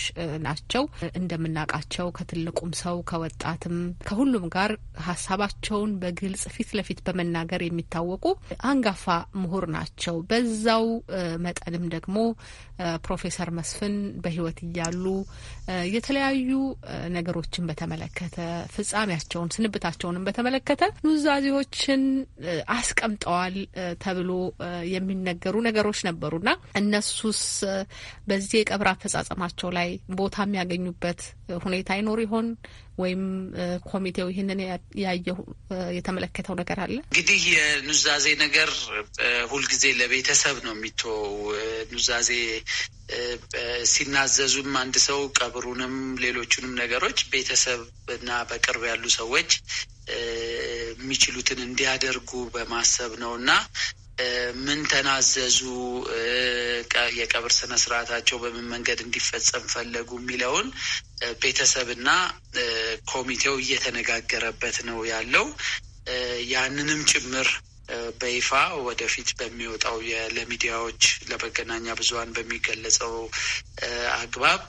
ናቸው። እንደምናውቃቸው ከትልቁም ሰው ከወጣትም ከሁሉም ጋር ሀሳባቸውን በግልጽ ፊት ለፊት በመናገር የሚታወቁ አንጋፋ ምሁር ናቸው። በዛው መጠንም ደግሞ ፕሮፌሰር መስፍን በህይወት እያሉ የተለያዩ ነገሮችን በተመለከተ ፍጻሜያቸውን ስንብታቸውን ኑዛዜዎችንም በተመለከተ ኑዛዜዎችን አስቀምጠዋል ተብሎ የሚነገሩ ነገሮች ነበሩና እነሱስ በዚህ የቀብር አፈጻጸማቸው ላይ ቦታ የሚያገኙበት ሁኔታ ይኖር ይሆን ወይም ኮሚቴው ይህንን ያየው የተመለከተው ነገር አለ? እንግዲህ የኑዛዜ ነገር ሁልጊዜ ለቤተሰብ ነው የሚተወው። ኑዛዜ ሲናዘዙም አንድ ሰው ቀብሩንም ሌሎቹንም ነገሮች ቤተሰብ እና በቅርብ ያሉ ሰዎች የሚችሉትን እንዲያደርጉ በማሰብ ነው እና ምን ተናዘዙ፣ የቀብር ስነ ስርዓታቸው በምን መንገድ እንዲፈጸም ፈለጉ የሚለውን ቤተሰብና ኮሚቴው እየተነጋገረበት ነው ያለው። ያንንም ጭምር በይፋ ወደፊት በሚወጣው ለሚዲያዎች ለመገናኛ ብዙኃን በሚገለጸው አግባብ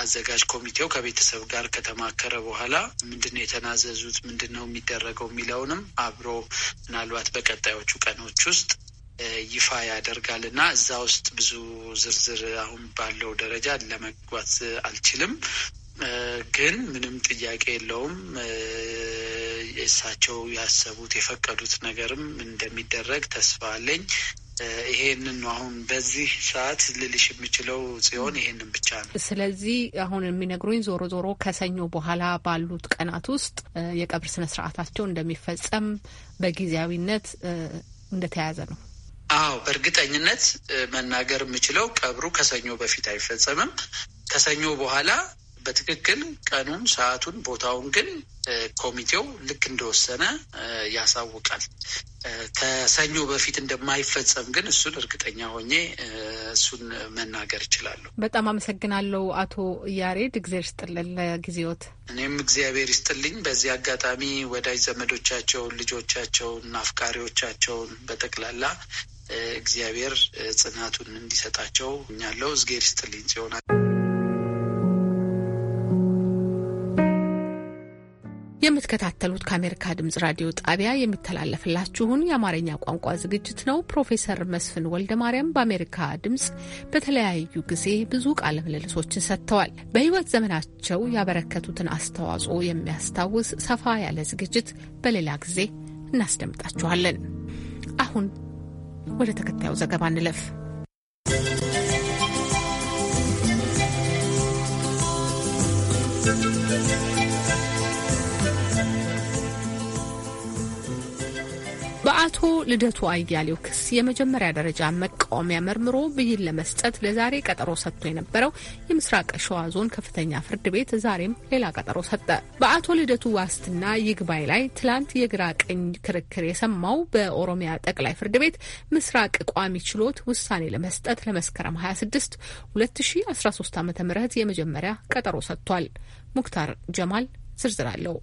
አዘጋጅ ኮሚቴው ከቤተሰብ ጋር ከተማከረ በኋላ ምንድነው የተናዘዙት፣ ምንድን ነው የሚደረገው የሚለውንም አብሮ ምናልባት በቀጣዮቹ ቀኖች ውስጥ ይፋ ያደርጋል እና እዛ ውስጥ ብዙ ዝርዝር አሁን ባለው ደረጃ ለመግባት አልችልም። ግን ምንም ጥያቄ የለውም። እሳቸው ያሰቡት የፈቀዱት ነገርም እንደሚደረግ ተስፋ አለኝ። ይሄንን አሁን በዚህ ሰዓት ልልሽ የምችለው ሲሆን ይሄንን ብቻ ነው። ስለዚህ አሁን የሚነግሩኝ ዞሮ ዞሮ ከሰኞ በኋላ ባሉት ቀናት ውስጥ የቀብር ስነ ስርዓታቸው እንደሚፈጸም በጊዜያዊነት እንደተያዘ ነው። አዎ፣ በእርግጠኝነት መናገር የምችለው ቀብሩ ከሰኞ በፊት አይፈጸምም። ከሰኞ በኋላ በትክክል ቀኑን፣ ሰዓቱን፣ ቦታውን ግን ኮሚቴው ልክ እንደወሰነ ያሳውቃል። ከሰኞ በፊት እንደማይፈጸም ግን እሱን እርግጠኛ ሆኜ እሱን መናገር እችላለሁ። በጣም አመሰግናለሁ አቶ ያሬድ፣ እግዚአብሔር ይስጥልን ለጊዜዎት። እኔም እግዚአብሔር ይስጥልኝ። በዚህ አጋጣሚ ወዳጅ ዘመዶቻቸውን፣ ልጆቻቸውን፣ አፍቃሪዎቻቸውን በጠቅላላ እግዚአብሔር ጽናቱን እንዲሰጣቸው እኛለው። እግዜር ይስጥልኝ ሲሆናል የምትከታተሉት ከአሜሪካ ድምጽ ራዲዮ ጣቢያ የሚተላለፍላችሁን የአማርኛ ቋንቋ ዝግጅት ነው። ፕሮፌሰር መስፍን ወልደ ማርያም በአሜሪካ ድምጽ በተለያዩ ጊዜ ብዙ ቃለ ምልልሶችን ሰጥተዋል። በሕይወት ዘመናቸው ያበረከቱትን አስተዋጽኦ የሚያስታውስ ሰፋ ያለ ዝግጅት በሌላ ጊዜ እናስደምጣችኋለን። አሁን ወደ ተከታዩ ዘገባ እንለፍ። Thank you. የአቶ ልደቱ አያሌው ክስ የመጀመሪያ ደረጃ መቃወሚያ መርምሮ ብይን ለመስጠት ለዛሬ ቀጠሮ ሰጥቶ የነበረው የምስራቅ ሸዋ ዞን ከፍተኛ ፍርድ ቤት ዛሬም ሌላ ቀጠሮ ሰጠ። በአቶ ልደቱ ዋስትና ይግባይ ላይ ትላንት የግራ ቀኝ ክርክር የሰማው በኦሮሚያ ጠቅላይ ፍርድ ቤት ምስራቅ ቋሚ ችሎት ውሳኔ ለመስጠት ለመስከረም 26 2013 ዓ ም የመጀመሪያ ቀጠሮ ሰጥቷል። ሙክታር ጀማል ዝርዝር አለው።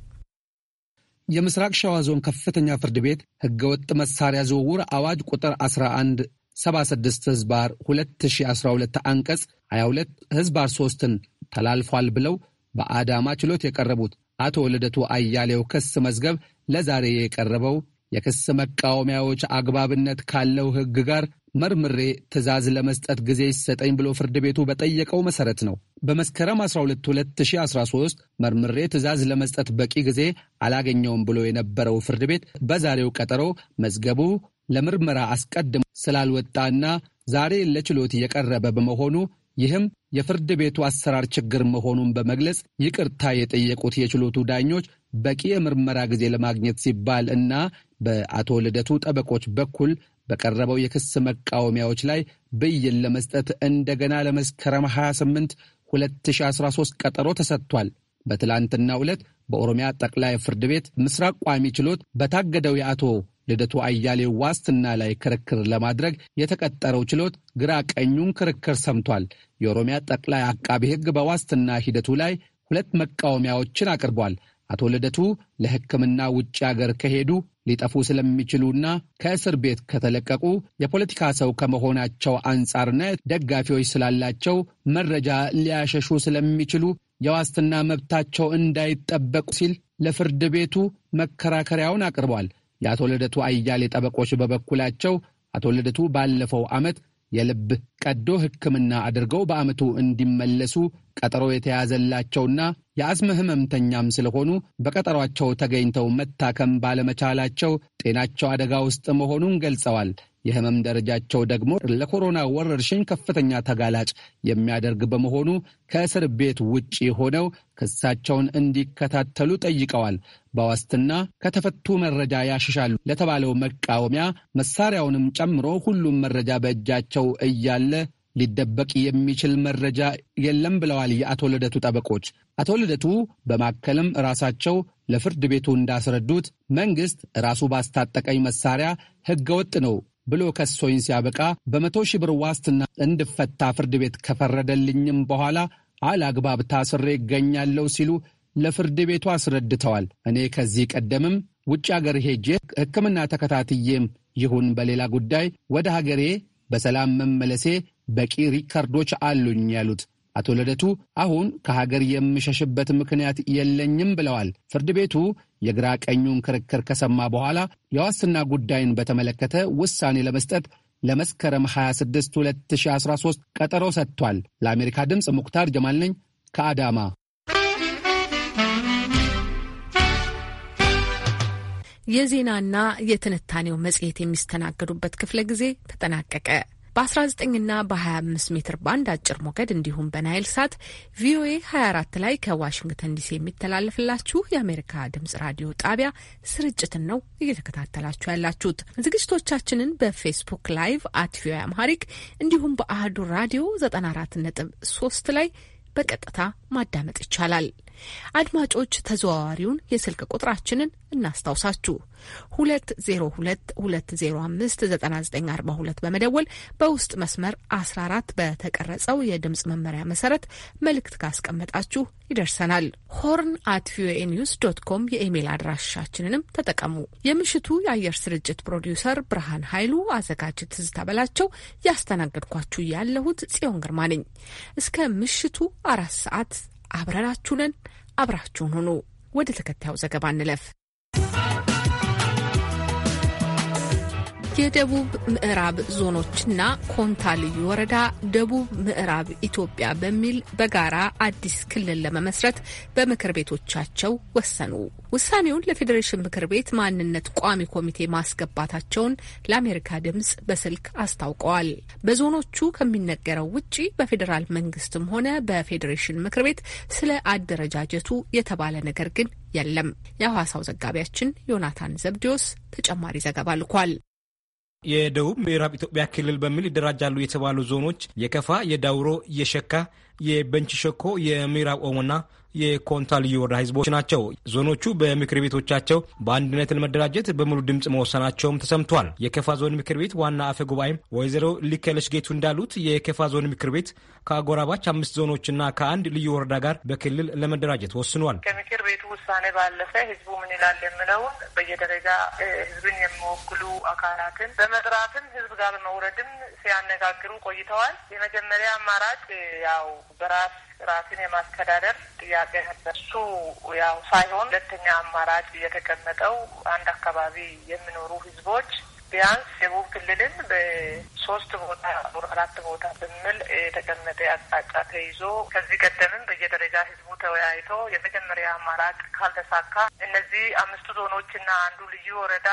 የምስራቅ ሸዋ ዞን ከፍተኛ ፍርድ ቤት ህገወጥ መሳሪያ ዝውውር አዋጅ ቁጥር 11 76 ህዝባር 2012 አንቀጽ 22 ህዝባር 3ን ተላልፏል ብለው በአዳማ ችሎት የቀረቡት አቶ ልደቱ አያሌው ክስ መዝገብ ለዛሬ የቀረበው የክስ መቃወሚያዎች አግባብነት ካለው ህግ ጋር መርምሬ ትዕዛዝ ለመስጠት ጊዜ ይሰጠኝ ብሎ ፍርድ ቤቱ በጠየቀው መሰረት ነው። በመስከረም 12 2013 መርምሬ ትዕዛዝ ለመስጠት በቂ ጊዜ አላገኘውም ብሎ የነበረው ፍርድ ቤት በዛሬው ቀጠሮ መዝገቡ ለምርመራ አስቀድሞ ስላልወጣና ዛሬ ለችሎት የቀረበ በመሆኑ ይህም የፍርድ ቤቱ አሰራር ችግር መሆኑን በመግለጽ ይቅርታ የጠየቁት የችሎቱ ዳኞች በቂ የምርመራ ጊዜ ለማግኘት ሲባል እና በአቶ ልደቱ ጠበቆች በኩል በቀረበው የክስ መቃወሚያዎች ላይ ብይን ለመስጠት እንደገና ለመስከረም 28 2013 ቀጠሮ ተሰጥቷል። በትላንትናው ዕለት በኦሮሚያ ጠቅላይ ፍርድ ቤት ምስራቅ ቋሚ ችሎት በታገደው የአቶ ልደቱ አያሌው ዋስትና ላይ ክርክር ለማድረግ የተቀጠረው ችሎት ግራ ቀኙን ክርክር ሰምቷል። የኦሮሚያ ጠቅላይ አቃቢ ሕግ በዋስትና ሂደቱ ላይ ሁለት መቃወሚያዎችን አቅርቧል። አቶ ልደቱ ለሕክምና ውጭ አገር ከሄዱ ሊጠፉ ስለሚችሉና ከእስር ቤት ከተለቀቁ የፖለቲካ ሰው ከመሆናቸው አንጻርና ደጋፊዎች ስላላቸው መረጃ ሊያሸሹ ስለሚችሉ የዋስትና መብታቸው እንዳይጠበቁ ሲል ለፍርድ ቤቱ መከራከሪያውን አቅርቧል። የአቶ ልደቱ አያሌ ጠበቆች በበኩላቸው አቶ ልደቱ ባለፈው ዓመት የልብ ቀዶ ሕክምና አድርገው በዓመቱ እንዲመለሱ ቀጠሮ የተያዘላቸውና የአስም ህመምተኛም ስለሆኑ በቀጠሯቸው ተገኝተው መታከም ባለመቻላቸው ጤናቸው አደጋ ውስጥ መሆኑን ገልጸዋል። የህመም ደረጃቸው ደግሞ ለኮሮና ወረርሽኝ ከፍተኛ ተጋላጭ የሚያደርግ በመሆኑ ከእስር ቤት ውጪ ሆነው ክሳቸውን እንዲከታተሉ ጠይቀዋል። በዋስትና ከተፈቱ መረጃ ያሽሻሉ ለተባለው መቃወሚያ መሳሪያውንም ጨምሮ ሁሉም መረጃ በእጃቸው እያለ ሊደበቅ የሚችል መረጃ የለም ብለዋል የአቶ ልደቱ ጠበቆች። አቶ ልደቱ በማከልም ራሳቸው ለፍርድ ቤቱ እንዳስረዱት መንግሥት ራሱ ባስታጠቀኝ መሳሪያ ህገወጥ ነው ብሎ ከሶኝ ሲያበቃ በመቶ ሺህ ብር ዋስትና እንድፈታ ፍርድ ቤት ከፈረደልኝም በኋላ አላግባብ ታስሬ ይገኛለሁ ሲሉ ለፍርድ ቤቱ አስረድተዋል። እኔ ከዚህ ቀደምም ውጭ አገር ሄጄ ሕክምና ተከታትዬም ይሁን በሌላ ጉዳይ ወደ ሀገሬ በሰላም መመለሴ በቂ ሪከርዶች አሉኝ ያሉት አቶ ልደቱ አሁን ከሀገር የምሸሽበት ምክንያት የለኝም ብለዋል። ፍርድ ቤቱ የግራ ቀኙን ክርክር ከሰማ በኋላ የዋስትና ጉዳይን በተመለከተ ውሳኔ ለመስጠት ለመስከረም 26 2013 ቀጠሮ ሰጥቷል። ለአሜሪካ ድምፅ ሙክታር ጀማል ነኝ ከአዳማ። የዜናና የትንታኔው መጽሔት የሚስተናገዱበት ክፍለ ጊዜ ተጠናቀቀ። በ19 ና በ25 ሜትር ባንድ አጭር ሞገድ እንዲሁም በናይል ሳት ቪኦኤ 24 ላይ ከዋሽንግተን ዲሲ የሚተላለፍላችሁ የአሜሪካ ድምጽ ራዲዮ ጣቢያ ስርጭትን ነው እየተከታተላችሁ ያላችሁት። ዝግጅቶቻችንን በፌስቡክ ላይቭ አት ቪኦኤ አምሃሪክ እንዲሁም በአህዱ ራዲዮ 94.3 ላይ በቀጥታ ማዳመጥ ይቻላል። አድማጮች ተዘዋዋሪውን የስልክ ቁጥራችንን እናስታውሳችሁ 2022059942 በመደወል በውስጥ መስመር 14 በተቀረጸው የድምፅ መመሪያ መሰረት መልእክት ካስቀመጣችሁ ይደርሰናል። ሆርን አት ቪኦኤ ኒውስ ዶት ኮም የኢሜይል አድራሻችንንም ተጠቀሙ። የምሽቱ የአየር ስርጭት ፕሮዲውሰር ብርሃን ኃይሉ፣ አዘጋጅ ትዝታ በላቸው፣ ያስተናገድኳችሁ ያለሁት ጽዮን ግርማ ነኝ። እስከ ምሽቱ አራት ሰዓት አብረናችሁንን አብራችሁን ሁኑ። ወደ ተከታዩ ዘገባ እንለፍ። የደቡብ ምዕራብ ዞኖችና ኮንታ ልዩ ወረዳ ደቡብ ምዕራብ ኢትዮጵያ በሚል በጋራ አዲስ ክልል ለመመስረት በምክር ቤቶቻቸው ወሰኑ። ውሳኔውን ለፌዴሬሽን ምክር ቤት ማንነት ቋሚ ኮሚቴ ማስገባታቸውን ለአሜሪካ ድምጽ በስልክ አስታውቀዋል። በዞኖቹ ከሚነገረው ውጪ በፌዴራል መንግስትም ሆነ በፌዴሬሽን ምክር ቤት ስለ አደረጃጀቱ የተባለ ነገር ግን የለም። የሐዋሳው ዘጋቢያችን ዮናታን ዘብዲዮስ ተጨማሪ ዘገባ ልኳል። የደቡብ ምዕራብ ኢትዮጵያ ክልል በሚል ይደራጃሉ የተባሉ ዞኖች የከፋ፣ የዳውሮ፣ የሸካ፣ የበንች ሸኮ፣ የምዕራብ ኦሞና የኮንታ ልዩ ወረዳ ህዝቦች ናቸው። ዞኖቹ በምክር ቤቶቻቸው በአንድነት ለመደራጀት በሙሉ ድምፅ መወሰናቸውም ተሰምቷል። የከፋ ዞን ምክር ቤት ዋና አፈ ጉባኤም ወይዘሮ ሊከለሽ ጌቱ እንዳሉት የከፋ ዞን ምክር ቤት ከአጎራባች አምስት ዞኖችና ከአንድ ልዩ ወረዳ ጋር በክልል ለመደራጀት ወስኗል። ከምክር ቤቱ ውሳኔ ባለፈ ህዝቡ ምን ይላል የምለውን በየደረጃ ህዝብን የሚወክሉ አካላትን በመጥራትም ህዝብ ጋር በመውረድም ሲያነጋግሩ ቆይተዋል። የመጀመሪያ አማራጭ ያው በራስ ራስን የማስተዳደር ጥያቄ ነበር። እሱ ያው ሳይሆን ሁለተኛ አማራጭ የተቀመጠው አንድ አካባቢ የሚኖሩ ህዝቦች ቢያንስ ደቡብ ክልልን በሶስት ቦታ አራት ቦታ በሚል የተቀመጠ አቅጣጫ ተይዞ ከዚህ ቀደምም በየደረጃ ህዝቡ ተወያይቶ የመጀመሪያ አማራጭ ካልተሳካ እነዚህ አምስቱ ዞኖችና አንዱ ልዩ ወረዳ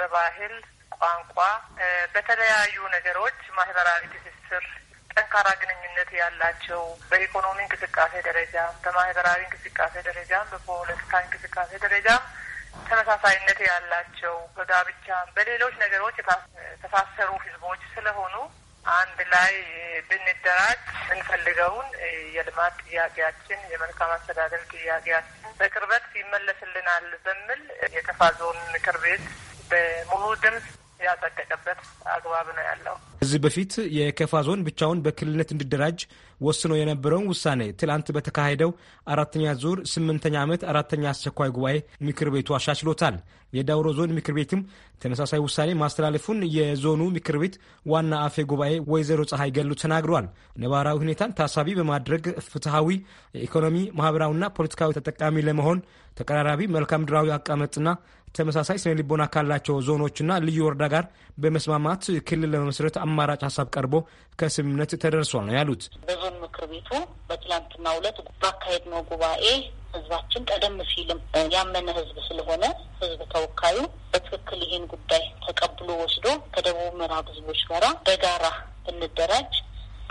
በባህል ቋንቋ፣ በተለያዩ ነገሮች ማህበራዊ ትስስር ጠንካራ ግንኙነት ያላቸው በኢኮኖሚ እንቅስቃሴ ደረጃም፣ በማህበራዊ እንቅስቃሴ ደረጃ በፖለቲካ እንቅስቃሴ ደረጃም ተመሳሳይነት ያላቸው በጋብቻ በሌሎች ነገሮች የተሳሰሩ ህዝቦች ስለሆኑ አንድ ላይ ብንደራጅ እንፈልገውን የልማት ጥያቄያችን የመልካም አስተዳደር ጥያቄያችን በቅርበት ይመለስልናል በሚል የከፋ ዞን ምክር ቤት በሙሉ ድምፅ ያጸደቀበት አግባብ ነው ያለው። ከዚህ በፊት የከፋ ዞን ብቻውን በክልልነት እንዲደራጅ ወስኖ የነበረውን ውሳኔ ትላንት በተካሄደው አራተኛ ዙር ስምንተኛ ዓመት አራተኛ አስቸኳይ ጉባኤ ምክር ቤቱ አሻሽሎታል። የዳውሮ ዞን ምክር ቤትም ተመሳሳይ ውሳኔ ማስተላለፉን የዞኑ ምክር ቤት ዋና አፈ ጉባኤ ወይዘሮ ፀሐይ ገሉ ተናግሯል። ነባራዊ ሁኔታን ታሳቢ በማድረግ ፍትሐዊ የኢኮኖሚ ማህበራዊና ፖለቲካዊ ተጠቃሚ ለመሆን ተቀራራቢ መልካምድራዊ አቀመጥና ተመሳሳይ ስነ ልቦና ካላቸው ዞኖችና ልዩ ወረዳ ጋር በመስማማት ክልል ለመመስረት አማራጭ ሀሳብ ቀርቦ ከስምምነት ተደርሷል ነው ያሉት። በዞን ምክር ቤቱ በትላንትናው ዕለት ባካሄድ ነው ጉባኤ ህዝባችን ቀደም ሲልም ያመነ ህዝብ ስለሆነ ህዝብ ተወካዩ በትክክል ይህን ጉዳይ ተቀብሎ ወስዶ ከደቡብ ምዕራብ ህዝቦች ጋራ በጋራ ብንደራጅ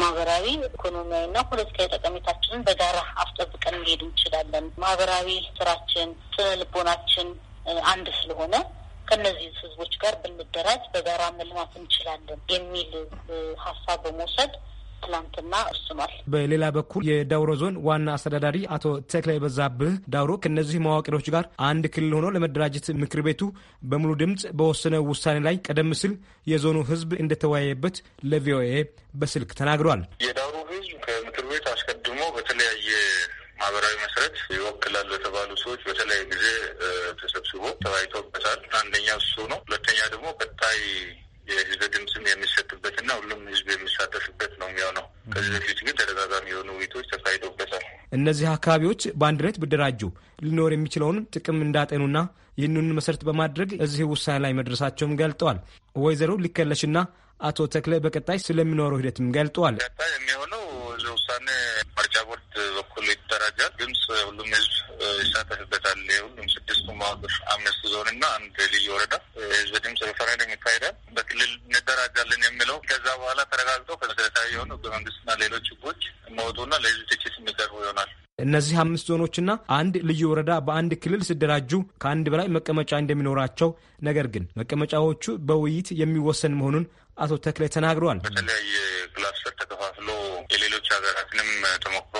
ማህበራዊ ኢኮኖሚያዊና ፖለቲካዊ ጠቀሜታችንን በጋራ አስጠብቀን መሄድ እንችላለን። ማህበራዊ ስራችን፣ ስነ ልቦናችን አንድ ስለሆነ ከነዚህ ህዝቦች ጋር ብንደራጅ በጋራ መልማት እንችላለን የሚል ሀሳብ በመውሰድ ትላንትና ወስኗል። በሌላ በኩል የዳውሮ ዞን ዋና አስተዳዳሪ አቶ ተክላይ በዛብህ ዳውሮ ከእነዚህ መዋቅሮች ጋር አንድ ክልል ሆኖ ለመደራጀት ምክር ቤቱ በሙሉ ድምፅ በወሰነ ውሳኔ ላይ ቀደም ሲል የዞኑ ህዝብ እንደተወያየበት ለቪኦኤ በስልክ ተናግሯል። የዳውሮ ህዝብ ከምክር ቤት አስቀድሞ በተለያየ ማህበራዊ መሰረት ይወክላሉ የተባሉ ሰዎች በተለያዩ ጊዜ ተሰብስቦ ተወያይቶበታል። አንደኛ እሱ ነው። ሁለተኛ ደግሞ ቀጣይ የህዝብ ድምፅም የሚሰጥበትና ሁሉም ህዝብ የሚሳተፍበት ነው የሚሆነው። ከዚህ በፊት ግን ተደጋጋሚ የሆኑ ውይይቶች ተካሂዶበታል። እነዚህ አካባቢዎች በአንድነት ብደራጁ ሊኖር የሚችለውን ጥቅም እንዳጠኑና ይህንን መሰረት በማድረግ እዚህ ውሳኔ ላይ መድረሳቸውም ገልጠዋል። ወይዘሮ ሊከለሽና አቶ ተክለ በቀጣይ ስለሚኖረው ሂደትም ገልጠዋል። ቀጣይ የሚሆነው እዚህ ውሳኔ ይዘጋጃል። ድምፅ ሁሉም ህዝብ ይሳተፍበታል። ሁሉም ስድስቱ መዋቅር አምስት ዞን እና አንድ ልዩ ወረዳ ህዝብ ድምፅ ሪፈረንደም ይካሄዳል። በክልል እንደራጃለን የሚለው ከዛ በኋላ ተረጋግጠው መሰረታዊ የሆኑ ህገ መንግስትና ሌሎች ህጎች መወጡና ለህዝብ ትችት የሚቀርቡ ይሆናል። እነዚህ አምስት ዞኖችና አንድ ልዩ ወረዳ በአንድ ክልል ሲደራጁ ከአንድ በላይ መቀመጫ እንደሚኖራቸው ነገር ግን መቀመጫዎቹ በውይይት የሚወሰን መሆኑን አቶ ተክሌ ተናግረዋል። በተለያየ ክላስተር ተከፋፍሎ የሌሎች ሀገራትንም ተሞክሮ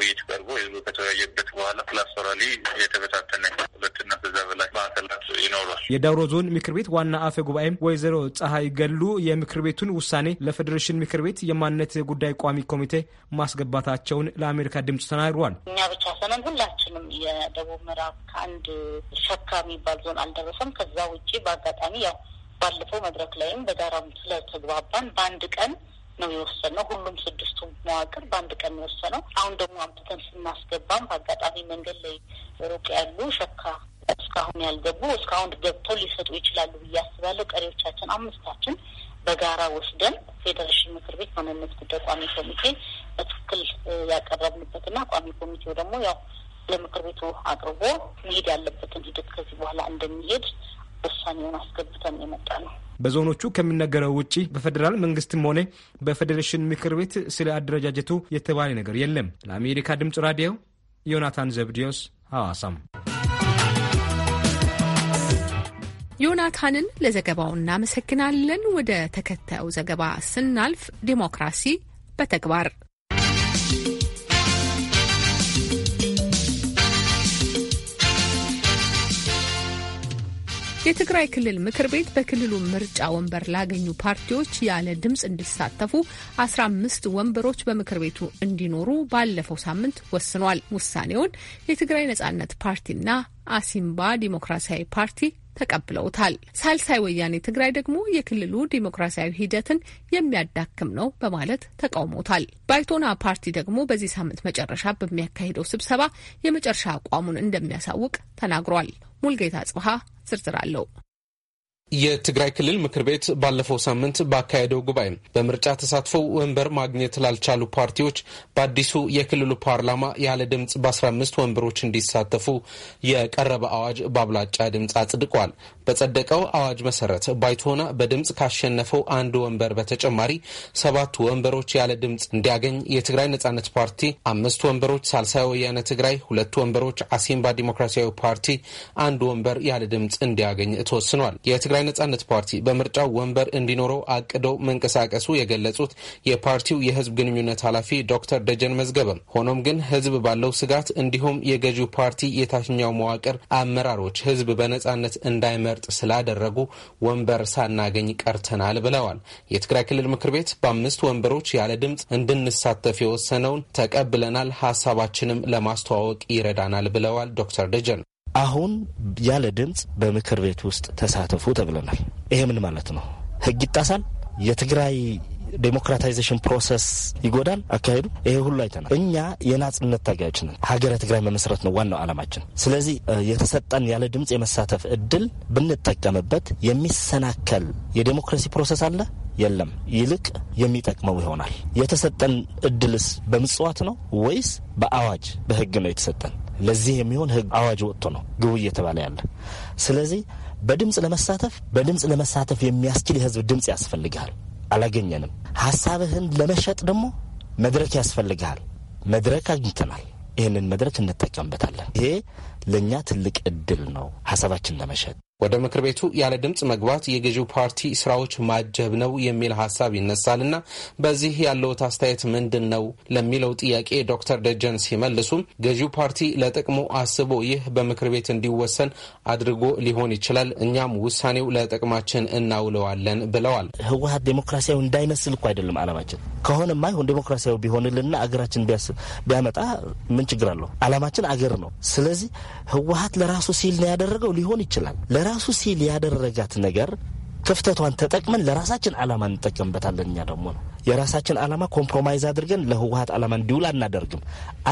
ውይይት ቀርቦ ህዝቡ ከተወያየበት በኋላ ክላስተራሊ የተበታተነ ሁለትና ከዛ በላይ ማዕከላት ይኖሯል። የዳውሮ ዞን ምክር ቤት ዋና አፈ ጉባኤም ወይዘሮ ፀሐይ ገሉ የምክር ቤቱን ውሳኔ ለፌዴሬሽን ምክር ቤት የማንነት ጉዳይ ቋሚ ኮሚቴ ማስገባታቸውን ለአሜሪካ ድምፅ ተናግሯል። እኛ ብቻ ሰነን ሁላችንም የደቡብ ምዕራብ ከአንድ ሸካ የሚባል ዞን አልደረሰም። ከዛ ውጭ በአጋጣሚ ያው ባለፈው መድረክ ላይም በጋራ ስለተግባባን በአንድ ቀን ነው የወሰነው። ሁሉም ስድስቱ መዋቅር በአንድ ቀን የወሰነው። አሁን ደግሞ አምጥተን ስናስገባም በአጋጣሚ መንገድ ላይ ሩቅ ያሉ ሸካ እስካሁን ያልገቡ እስካሁን ገብተው ሊሰጡ ይችላሉ ብዬ አስባለሁ። ቀሪዎቻችን አምስታችን በጋራ ወስደን ፌዴሬሽን ምክር ቤት ማንነት ጉዳይ ቋሚ ኮሚቴ በትክክል ያቀረብንበትና ቋሚ ኮሚቴው ደግሞ ያው ለምክር ቤቱ አቅርቦ መሄድ ያለበትን ሂደት ከዚህ በኋላ እንደሚሄድ ውሳኔውን አስገብተን የመጣ ነው። በዞኖቹ ከሚነገረው ውጪ በፌዴራል መንግስትም ሆነ በፌዴሬሽን ምክር ቤት ስለ አደረጃጀቱ የተባለ ነገር የለም። ለአሜሪካ ድምፅ ራዲዮ ዮናታን ዘብዲዮስ ሐዋሳም ዮናታንን ለዘገባው እናመሰግናለን። ወደ ተከታዩ ዘገባ ስናልፍ ዲሞክራሲ በተግባር የትግራይ ክልል ምክር ቤት በክልሉ ምርጫ ወንበር ላገኙ ፓርቲዎች ያለ ድምፅ እንዲሳተፉ 15 ወንበሮች በምክር ቤቱ እንዲኖሩ ባለፈው ሳምንት ወስኗል። ውሳኔውን የትግራይ ነጻነት ፓርቲና አሲምባ ዲሞክራሲያዊ ፓርቲ ተቀብለውታል። ሳልሳይ ወያኔ ትግራይ ደግሞ የክልሉ ዲሞክራሲያዊ ሂደትን የሚያዳክም ነው በማለት ተቃውሞታል። ባይቶና ፓርቲ ደግሞ በዚህ ሳምንት መጨረሻ በሚያካሄደው ስብሰባ የመጨረሻ አቋሙን እንደሚያሳውቅ ተናግሯል። ሙልጌታ ጽብሃ ዝርዝር አለው። የትግራይ ክልል ምክር ቤት ባለፈው ሳምንት ባካሄደው ጉባኤ በምርጫ ተሳትፈው ወንበር ማግኘት ላልቻሉ ፓርቲዎች በአዲሱ የክልሉ ፓርላማ ያለ ድምፅ በ15 ወንበሮች እንዲሳተፉ የቀረበ አዋጅ በአብላጫ ድምፅ አጽድቋል። በጸደቀው አዋጅ መሰረት ባይቶና በድምፅ ካሸነፈው አንድ ወንበር በተጨማሪ ሰባት ወንበሮች ያለ ድምፅ እንዲያገኝ፣ የትግራይ ነጻነት ፓርቲ አምስት ወንበሮች፣ ሳልሳይ ወያነ ትግራይ ሁለት ወንበሮች፣ አሲምባ ዲሞክራሲያዊ ፓርቲ አንድ ወንበር ያለ ድምፅ እንዲያገኝ ተወስኗል። የጠቅላይ ነጻነት ፓርቲ በምርጫው ወንበር እንዲኖረው አቅደው መንቀሳቀሱ የገለጹት የፓርቲው የህዝብ ግንኙነት ኃላፊ ዶክተር ደጀን መዝገበም፣ ሆኖም ግን ህዝብ ባለው ስጋት እንዲሁም የገዢው ፓርቲ የታችኛው መዋቅር አመራሮች ህዝብ በነጻነት እንዳይመርጥ ስላደረጉ ወንበር ሳናገኝ ቀርተናል ብለዋል። የትግራይ ክልል ምክር ቤት በአምስት ወንበሮች ያለ ድምፅ እንድንሳተፍ የወሰነውን ተቀብለናል፣ ሀሳባችንም ለማስተዋወቅ ይረዳናል ብለዋል ዶክተር ደጀን አሁን ያለ ድምፅ በምክር ቤት ውስጥ ተሳተፉ ተብለናል። ይሄ ምን ማለት ነው? ህግ ይጣሳል? የትግራይ ዴሞክራታይዜሽን ፕሮሰስ ይጎዳል አካሄዱ። ይሄ ሁሉ አይተናል። እኛ የናጽነት ታጋዮች ነን። ሀገረ ትግራይ መመስረት ነው ዋናው ዓላማችን። ስለዚህ የተሰጠን ያለ ድምፅ የመሳተፍ እድል ብንጠቀምበት የሚሰናከል የዴሞክራሲ ፕሮሰስ አለ የለም። ይልቅ የሚጠቅመው ይሆናል። የተሰጠን እድልስ በምጽዋት ነው ወይስ በአዋጅ በህግ ነው የተሰጠን? ለዚህ የሚሆን ህግ አዋጅ ወጥቶ ነው ግቡ እየተባለ ያለ። ስለዚህ በድምፅ ለመሳተፍ በድምፅ ለመሳተፍ የሚያስችል የህዝብ ድምፅ ያስፈልግሃል፣ አላገኘንም። ሀሳብህን ለመሸጥ ደግሞ መድረክ ያስፈልግሃል፣ መድረክ አግኝተናል። ይህንን መድረክ እንጠቀምበታለን። ይሄ ለእኛ ትልቅ እድል ነው ሀሳባችን ለመሸጥ ወደ ምክር ቤቱ ያለ ድምፅ መግባት የገዢው ፓርቲ ስራዎች ማጀብ ነው የሚል ሀሳብ ይነሳልና በዚህ ያለውት አስተያየት ምንድን ነው ለሚለው ጥያቄ ዶክተር ደጀን ሲመልሱም ገዢው ፓርቲ ለጥቅሙ አስቦ ይህ በምክር ቤት እንዲወሰን አድርጎ ሊሆን ይችላል። እኛም ውሳኔው ለጥቅማችን እናውለዋለን ብለዋል። ህወሀት ዴሞክራሲያዊ እንዳይመስል እኮ አይደለም አላማችን። ከሆነ ማይሆን ዴሞክራሲያዊ ቢሆንልና አገራችን ቢያመጣ ምን ችግር አለሁ? አላማችን አገር ነው። ስለዚህ ህወሀት ለራሱ ሲል ነው ያደረገው ሊሆን ይችላል ለራሱ ሲል ያደረጋት ነገር ክፍተቷን ተጠቅመን ለራሳችን ዓላማ እንጠቀምበታለን። እኛ ደግሞ ነው የራሳችን ዓላማ ኮምፕሮማይዝ አድርገን ለህወሀት ዓላማ እንዲውል አናደርግም።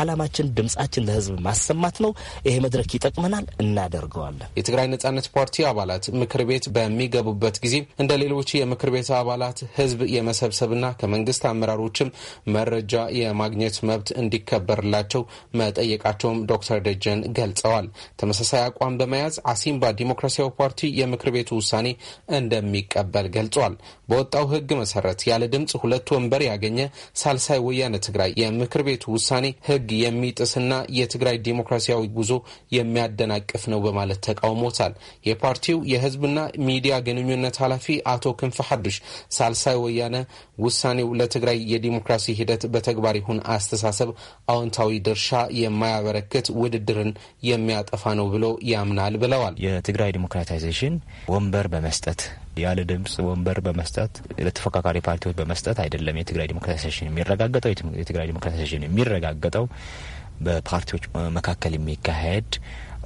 ዓላማችን ድምጻችን ለህዝብ ማሰማት ነው። ይሄ መድረክ ይጠቅመናል፣ እናደርገዋለን። የትግራይ ነጻነት ፓርቲ አባላት ምክር ቤት በሚገቡበት ጊዜ እንደ ሌሎች የምክር ቤት አባላት ህዝብ የመሰብሰብና ከመንግስት አመራሮችም መረጃ የማግኘት መብት እንዲከበርላቸው መጠየቃቸውም ዶክተር ደጀን ገልጸዋል። ተመሳሳይ አቋም በመያዝ አሲምባ ዲሞክራሲያዊ ፓርቲ የምክር ቤቱ ውሳኔ እንደ እንደሚቀበል ገልጿል። በወጣው ሕግ መሰረት ያለ ድምፅ ሁለት ወንበር ያገኘ ሳልሳይ ወያነ ትግራይ የምክር ቤቱ ውሳኔ ህግ የሚጥስና የትግራይ ዲሞክራሲያዊ ጉዞ የሚያደናቅፍ ነው በማለት ተቃውሞታል። የፓርቲው የህዝብና ሚዲያ ግንኙነት ኃላፊ አቶ ክንፈ ሐዱሽ ሳልሳይ ወያነ ውሳኔው ለትግራይ የዲሞክራሲ ሂደት በተግባር ይሁን አስተሳሰብ አዎንታዊ ድርሻ የማያበረክት ውድድርን የሚያጠፋ ነው ብሎ ያምናል ብለዋል። የትግራይ ዲሞክራታይዜሽን ወንበር በመስጠት ያለ ድምፅ ወንበር በመስጠት ለተፎካካሪ ፓርቲዎች በመስጠት አይደለም የትግራይ ዲሞክራታይዜሽን የሚረጋገጠው። የትግራይ ዲሞክራታይዜሽን የሚረጋገጠው በፓርቲዎች መካከል የሚካሄድ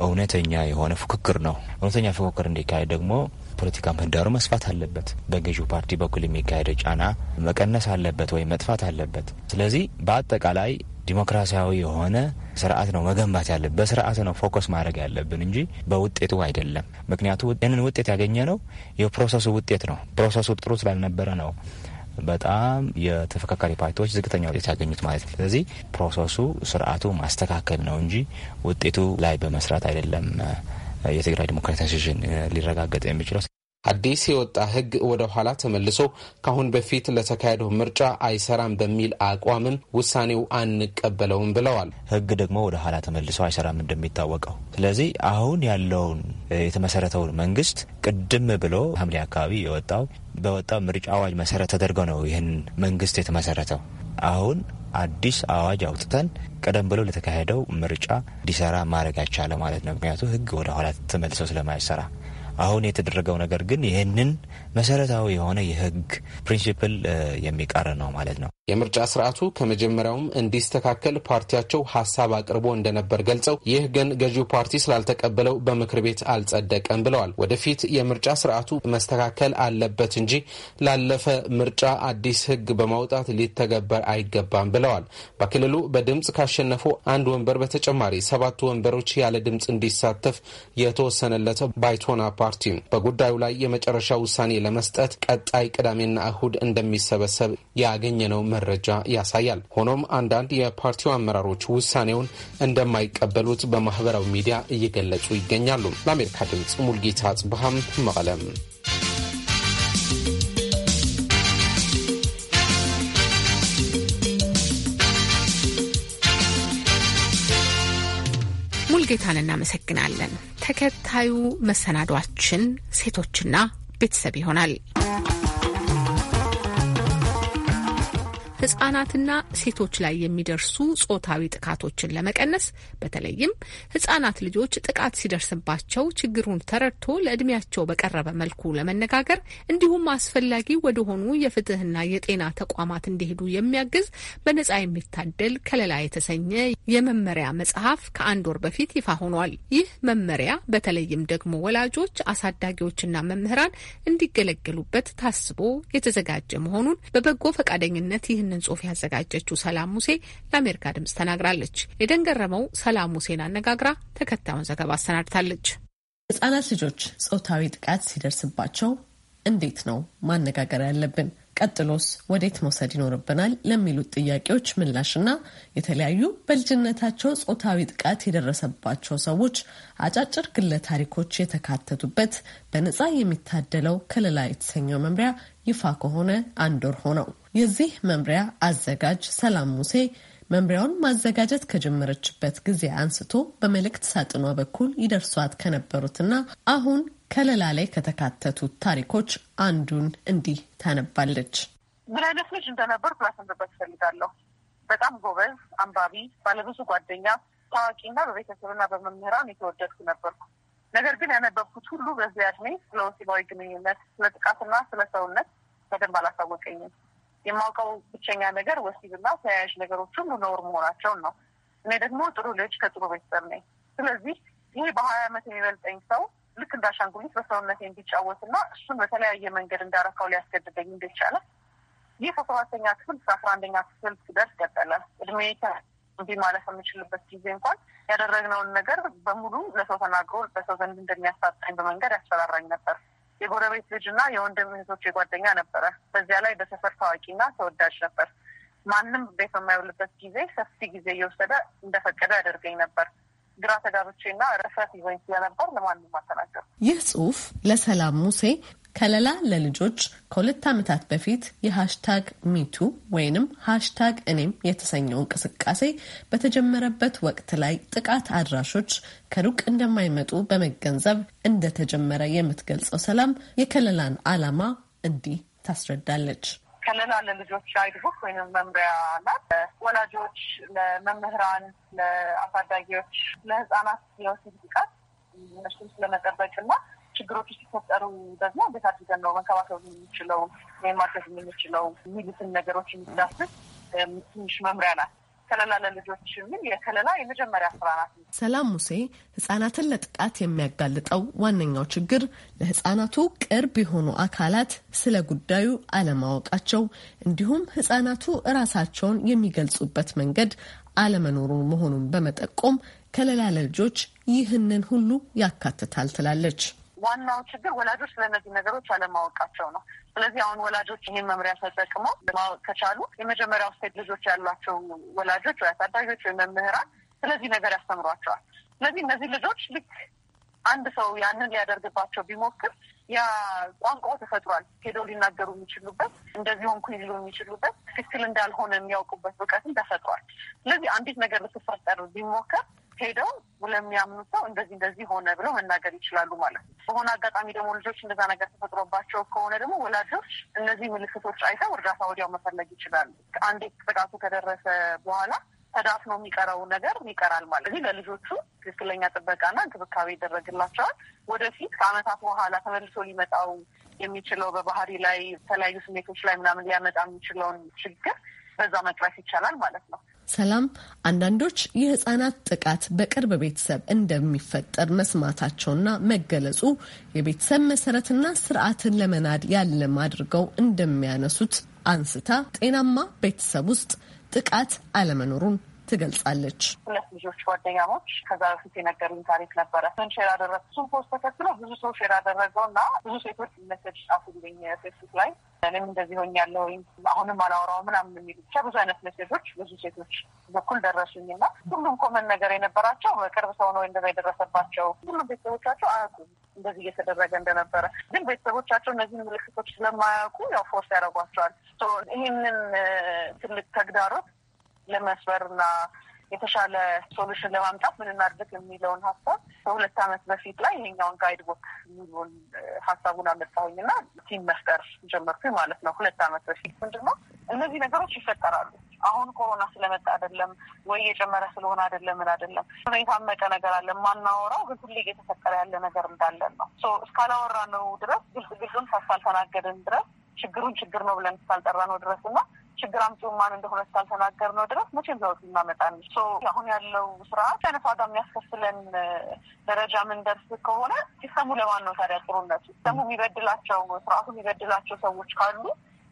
እውነተኛ የሆነ ፉክክር ነው። እውነተኛ ፉክክር እንዲካሄድ ደግሞ ፖለቲካ ምህዳሩ መስፋት አለበት። በገዢው ፓርቲ በኩል የሚካሄደው ጫና መቀነስ አለበት ወይም መጥፋት አለበት። ስለዚህ በአጠቃላይ ዲሞክራሲያዊ የሆነ ስርዓት ነው መገንባት ያለብን። በስርዓት ነው ፎከስ ማድረግ ያለብን እንጂ በውጤቱ አይደለም። ምክንያቱ ይህንን ውጤት ያገኘ ነው የፕሮሰሱ ውጤት ነው። ፕሮሰሱ ጥሩ ስላልነበረ ነው በጣም የተፈካካሪ ፓርቲዎች ዝቅተኛ ውጤት ያገኙት ማለት ነው። ስለዚህ ፕሮሰሱ ስርዓቱ ማስተካከል ነው እንጂ ውጤቱ ላይ በመስራት አይደለም የትግራይ ዲሞክራታይዜሽን ሊረጋገጥ የሚችለው። አዲስ የወጣ ህግ ወደ ኋላ ተመልሶ ካሁን በፊት ለተካሄደው ምርጫ አይሰራም በሚል አቋምም ውሳኔው አንቀበለውም ብለዋል። ህግ ደግሞ ወደ ኋላ ተመልሶ አይሰራም እንደሚታወቀው። ስለዚህ አሁን ያለውን የተመሰረተውን መንግስት ቅድም ብሎ ሐምሌ አካባቢ የወጣው በወጣው ምርጫ አዋጅ መሰረት ተደርጎ ነው ይህን መንግስት የተመሰረተው። አሁን አዲስ አዋጅ አውጥተን ቀደም ብሎ ለተካሄደው ምርጫ እንዲሰራ ማድረግ አይቻለ ማለት ነው። ምክንያቱ ህግ ወደ ኋላ ተመልሶ ስለማይሰራ አሁን የተደረገው ነገር ግን ይህንን መሰረታዊ የሆነ የህግ ፕሪንሲፕል የሚቃረን ነው ማለት ነው። የምርጫ ስርዓቱ ከመጀመሪያውም እንዲስተካከል ፓርቲያቸው ሀሳብ አቅርቦ እንደነበር ገልጸው ይህ ግን ገዢው ፓርቲ ስላልተቀበለው በምክር ቤት አልጸደቀም ብለዋል። ወደፊት የምርጫ ስርዓቱ መስተካከል አለበት እንጂ ላለፈ ምርጫ አዲስ ህግ በማውጣት ሊተገበር አይገባም ብለዋል። በክልሉ በድምፅ ካሸነፉ አንድ ወንበር በተጨማሪ ሰባት ወንበሮች ያለ ድምፅ እንዲሳተፍ የተወሰነለት ባይቶና ፓርቲ በጉዳዩ ላይ የመጨረሻ ውሳኔ ለመስጠት ቀጣይ ቅዳሜና እሁድ እንደሚሰበሰብ ያገኘነው መረጃ ያሳያል። ሆኖም አንዳንድ የፓርቲው አመራሮች ውሳኔውን እንደማይቀበሉት በማህበራዊ ሚዲያ እየገለጹ ይገኛሉ። ለአሜሪካ ድምፅ ሙልጌታ ጽብሃም መቀለም። ሙልጌታን እናመሰግናለን። ተከታዩ መሰናዷችን ሴቶችና ቤተሰብ ይሆናል። ህጻናትና ሴቶች ላይ የሚደርሱ ጾታዊ ጥቃቶችን ለመቀነስ በተለይም ህጻናት ልጆች ጥቃት ሲደርስባቸው ችግሩን ተረድቶ ለእድሜያቸው በቀረበ መልኩ ለመነጋገር እንዲሁም አስፈላጊ ወደሆኑ የፍትህና የጤና ተቋማት እንዲሄዱ የሚያግዝ በነጻ የሚታደል ከለላ የተሰኘ የመመሪያ መጽሐፍ ከአንድ ወር በፊት ይፋ ሆኗል። ይህ መመሪያ በተለይም ደግሞ ወላጆች፣ አሳዳጊዎችና መምህራን እንዲገለገሉበት ታስቦ የተዘጋጀ መሆኑን በበጎ ፈቃደኝነት ይህን ይህንን ጽሁፍ ያዘጋጀችው ሰላም ሙሴ ለአሜሪካ ድምጽ ተናግራለች። የደንገረመው ሰላም ሙሴን አነጋግራ ተከታዩን ዘገባ አሰናድታለች። ህጻናት ልጆች ጾታዊ ጥቃት ሲደርስባቸው እንዴት ነው ማነጋገር ያለብን? ቀጥሎስ ወዴት መውሰድ ይኖርብናል? ለሚሉት ጥያቄዎች ምላሽና የተለያዩ በልጅነታቸው ጾታዊ ጥቃት የደረሰባቸው ሰዎች አጫጭር ግለ ታሪኮች የተካተቱበት በነፃ የሚታደለው ከለላ የተሰኘው መምሪያ ይፋ ከሆነ አንድ ወር ሆነው። የዚህ መምሪያ አዘጋጅ ሰላም ሙሴ መምሪያውን ማዘጋጀት ከጀመረችበት ጊዜ አንስቶ በመልእክት ሳጥኗ በኩል ይደርሷት ከነበሩትና አሁን ከለላ ላይ ከተካተቱት ታሪኮች አንዱን እንዲህ ታነባለች። ምን አይነት ልጅ እንደነበርኩ ላስነብበት እፈልጋለሁ። በጣም ጎበዝ አንባቢ፣ ባለብዙ ጓደኛ፣ ታዋቂና በቤተሰብና በመምህራን የተወደድኩ ነበርኩ። ነገር ግን ያነበብኩት ሁሉ በዚያ እድሜ ስለ ወሲባዊ ግንኙነት፣ ስለ ጥቃትና ስለ ሰውነት በደንብ አላሳወቀኝም የማውቀው ብቸኛ ነገር ወሲብና ተያያዥ ነገሮች ሁሉ ኖር መሆናቸውን ነው። እኔ ደግሞ ጥሩ ልጅ ከጥሩ ቤተሰብ ነኝ። ስለዚህ ይሄ በሀያ ዓመት የሚበልጠኝ ሰው ልክ እንዳሻንጉሊት በሰውነት እንዲጫወትና እሱን በተለያየ መንገድ እንዳረካው ሊያስገድደኝ እንደቻለ ይህ ከሰባተኛ ክፍል እስከ አስራ አንደኛ ክፍል ስደርስ ቀጠለ። እድሜ እምቢ ማለፍ የምችልበት ጊዜ እንኳን ያደረግነውን ነገር በሙሉ ለሰው ተናግሮ ለሰው ዘንድ እንደሚያሳጣኝ በመንገድ ያስፈራራኝ ነበር። የጎረቤት ልጅ የወንድም እህቶች የጓደኛ ነበረ። በዚያ ላይ በሰፈር ታዋቂና ተወዳጅ ነበር። ማንም ቤት በማይውልበት ጊዜ ሰፊ ጊዜ እየወሰደ እንደፈቀደ ያደርገኝ ነበር። ግራ ተጋብቼና ረፍረት ይዞኝ ስለነበር ለማንም አልተናገርኩም። ይህ ጽሁፍ ለሰላም ሙሴ ከለላ ለልጆች ከሁለት ዓመታት በፊት የሃሽታግ ሚቱ ወይንም ሃሽታግ እኔም የተሰኘው እንቅስቃሴ በተጀመረበት ወቅት ላይ ጥቃት አድራሾች ከሩቅ እንደማይመጡ በመገንዘብ እንደተጀመረ የምትገልጸው ሰላም የከለላን ዓላማ እንዲህ ታስረዳለች። ከለላ ለልጆች አይድሩክ ወይም መምሪያ አላት። ወላጆች፣ ለመምህራን፣ ለአሳዳጊዎች፣ ለህጻናት የወሲብ ጥቃት እነሱም ስለመጠበቅና ችግሮች ሲፈጠሩ ደግሞ እንዴት አድርገን ነው መንከባከብ የምንችለው ወይም ማድረግ የምንችለው የሚሉትን ነገሮች የሚዳስስ ትንሽ መምሪያ ናት። ከለላ ለልጆች ምን የከለላ የመጀመሪያ ስራ ናት። ሰላም ሙሴ ህጻናትን ለጥቃት የሚያጋልጠው ዋነኛው ችግር ለህጻናቱ ቅርብ የሆኑ አካላት ስለ ጉዳዩ አለማወቃቸው እንዲሁም ህጻናቱ እራሳቸውን የሚገልጹበት መንገድ አለመኖሩ መሆኑን በመጠቆም ከለላ ለልጆች ይህንን ሁሉ ያካትታል ትላለች። ዋናው ችግር ወላጆች ስለእነዚህ ነገሮች አለማወቃቸው ነው። ስለዚህ አሁን ወላጆች ይህን መምሪያ ተጠቅመው ማወቅ ከቻሉ የመጀመሪያው ስቴት ልጆች ያሏቸው ወላጆች ወይ አሳዳጊዎች ወይ መምህራን ስለዚህ ነገር ያስተምሯቸዋል። ስለዚህ እነዚህ ልጆች ልክ አንድ ሰው ያንን ሊያደርግባቸው ቢሞክር ያ ቋንቋው ተፈጥሯል። ሄደው ሊናገሩ የሚችሉበት እንደዚሁም ኩኝ ሊሉ የሚችሉበት ትክክል እንዳልሆነ የሚያውቁበት ብቃትም ተፈጥሯል። ስለዚህ አንዲት ነገር ልትፈጠር ቢሞከር ሄደው ለሚያምኑ ሰው እንደዚህ እንደዚህ ሆነ ብለው መናገር ይችላሉ ማለት ነው። በሆነ አጋጣሚ ደግሞ ልጆች እንደዛ ነገር ተፈጥሮባቸው ከሆነ ደግሞ ወላጆች እነዚህ ምልክቶች አይተው እርዳታ ወዲያው መፈለግ ይችላሉ። አንዴ ጥቃቱ ከደረሰ በኋላ ተዳፍኖ የሚቀረው ነገር ይቀራል ማለት ነው። ለልጆቹ ትክክለኛ ጥበቃና እንክብካቤ ይደረግላቸዋል። ወደፊት ከዓመታት በኋላ ተመልሶ ሊመጣው የሚችለው በባህሪ ላይ የተለያዩ ስሜቶች ላይ ምናምን ሊያመጣ የሚችለውን ችግር በዛ መቅረፍ ይቻላል ማለት ነው። ሰላም አንዳንዶች የህጻናት ጥቃት በቅርብ ቤተሰብ እንደሚፈጠር መስማታቸውና መገለጹ የቤተሰብ መሰረትና ስርዓትን ለመናድ ያለም አድርገው እንደሚያነሱት አንስታ ጤናማ ቤተሰብ ውስጥ ጥቃት አለመኖሩን ትገልጻለች። ሁለት ልጆች ጓደኛሞች ከዛ በፊት የነገሩኝ ታሪክ ነበረ። ምን ሼር አደረግ እሱን ፖስት ተከትሎ ብዙ ሰው ሼር አደረገው እና ብዙ ሴቶች መሰጅ ጻፉልኝ ፌስቡክ ላይ እኔም እንደዚህ ሆኛለሁ አሁንም አላወራው ምናምን የሚሉ ብቻ ብዙ አይነት መሴጆች ብዙ ሴቶች በኩል ደረሱኝ እና ሁሉም ኮመን ነገር የነበራቸው በቅርብ ሰው ነው እንደዛ የደረሰባቸው። ሁሉም ቤተሰቦቻቸው አያውቁም እንደዚህ እየተደረገ እንደነበረ። ግን ቤተሰቦቻቸው እነዚህን ምልክቶች ስለማያውቁ ያው ፎርስ ያደርጓቸዋል። ይህንን ትልቅ ተግዳሮት ለመስበርና የተሻለ ሶሉሽን ለማምጣት ምን እናድርግ የሚለውን ሀሳብ በሁለት ዓመት በፊት ላይ ይሄኛውን ጋይድ ቦክ የሚለውን ሀሳቡን አመጣሁኝ አመጣሁኝና ቲም መፍጠር ጀመርኩኝ ማለት ነው። ሁለት ዓመት በፊት ነው እነዚህ ነገሮች ይፈጠራሉ። አሁን ኮሮና ስለመጣ አይደለም ወይ የጨመረ ስለሆነ አይደለም ምን አይደለም የታመቀ ነገር አለ ማናወራው ግን ሁሌ እየተፈጠረ ያለ ነገር እንዳለን ነው። እስካላወራ ነው ድረስ ግልጽ ግልጹን ሳሳልተናገድን ድረስ ችግሩን ችግር ነው ብለን ሳልጠራ ነው ድረስ እና ችግር አምጪው ማን እንደሆነ ስታልተናገር ነው ድረስ መቼም ለውጥ እናመጣን። አሁን ያለው ስርዓት አይነት ዋጋ የሚያስከፍለን ደረጃ ምንደርስ ከሆነ ሲስተሙ ለማን ነው ታዲያ ጥሩነቱ? ሲስተሙ የሚበድላቸው ስርዓቱ የሚበድላቸው ሰዎች ካሉ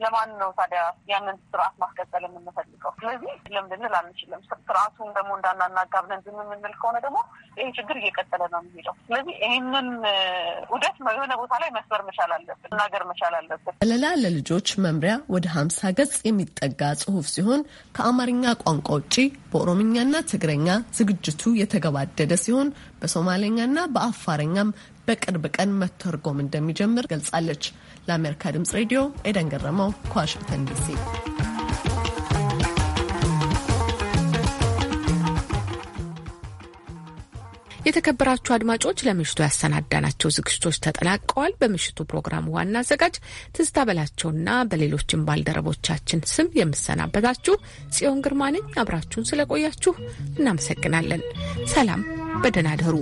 ለማን ነው ታዲያ ያንን ስርዓት ማስቀጠል የምንፈልገው? ስለዚህ ለምንድንል አንችልም። ስርዓቱን ደግሞ እንዳናናጋ ብለን ዝም የምንል ከሆነ ደግሞ ይህ ችግር እየቀጠለ ነው የሚሄደው። ስለዚህ ይህንን ውደት የሆነ ቦታ ላይ መስበር መቻል አለብን፣ መናገር መቻል አለብን። ከለላ ለልጆች መምሪያ ወደ ሀምሳ ገጽ የሚጠጋ ጽሁፍ ሲሆን ከአማርኛ ቋንቋ ውጪ በኦሮምኛና ትግረኛ ዝግጅቱ የተገባደደ ሲሆን በሶማሌኛና በአፋረኛም በቅርብ ቀን መተርጎም እንደሚጀምር ገልጻለች። ለአሜሪካ ድምጽ ሬዲዮ ኤደን ገረመው ከዋሽንግተን ዲሲ። የተከበራችሁ አድማጮች ለምሽቱ ያሰናዳናቸው ዝግጅቶች ተጠናቀዋል። በምሽቱ ፕሮግራም ዋና አዘጋጅ ትዝታ በላቸውና በሌሎችም ባልደረቦቻችን ስም የምሰናበታችሁ ጽዮን ግርማ ነኝ። አብራችሁን ስለቆያችሁ እናመሰግናለን። ሰላም፣ በደህና ደሩ።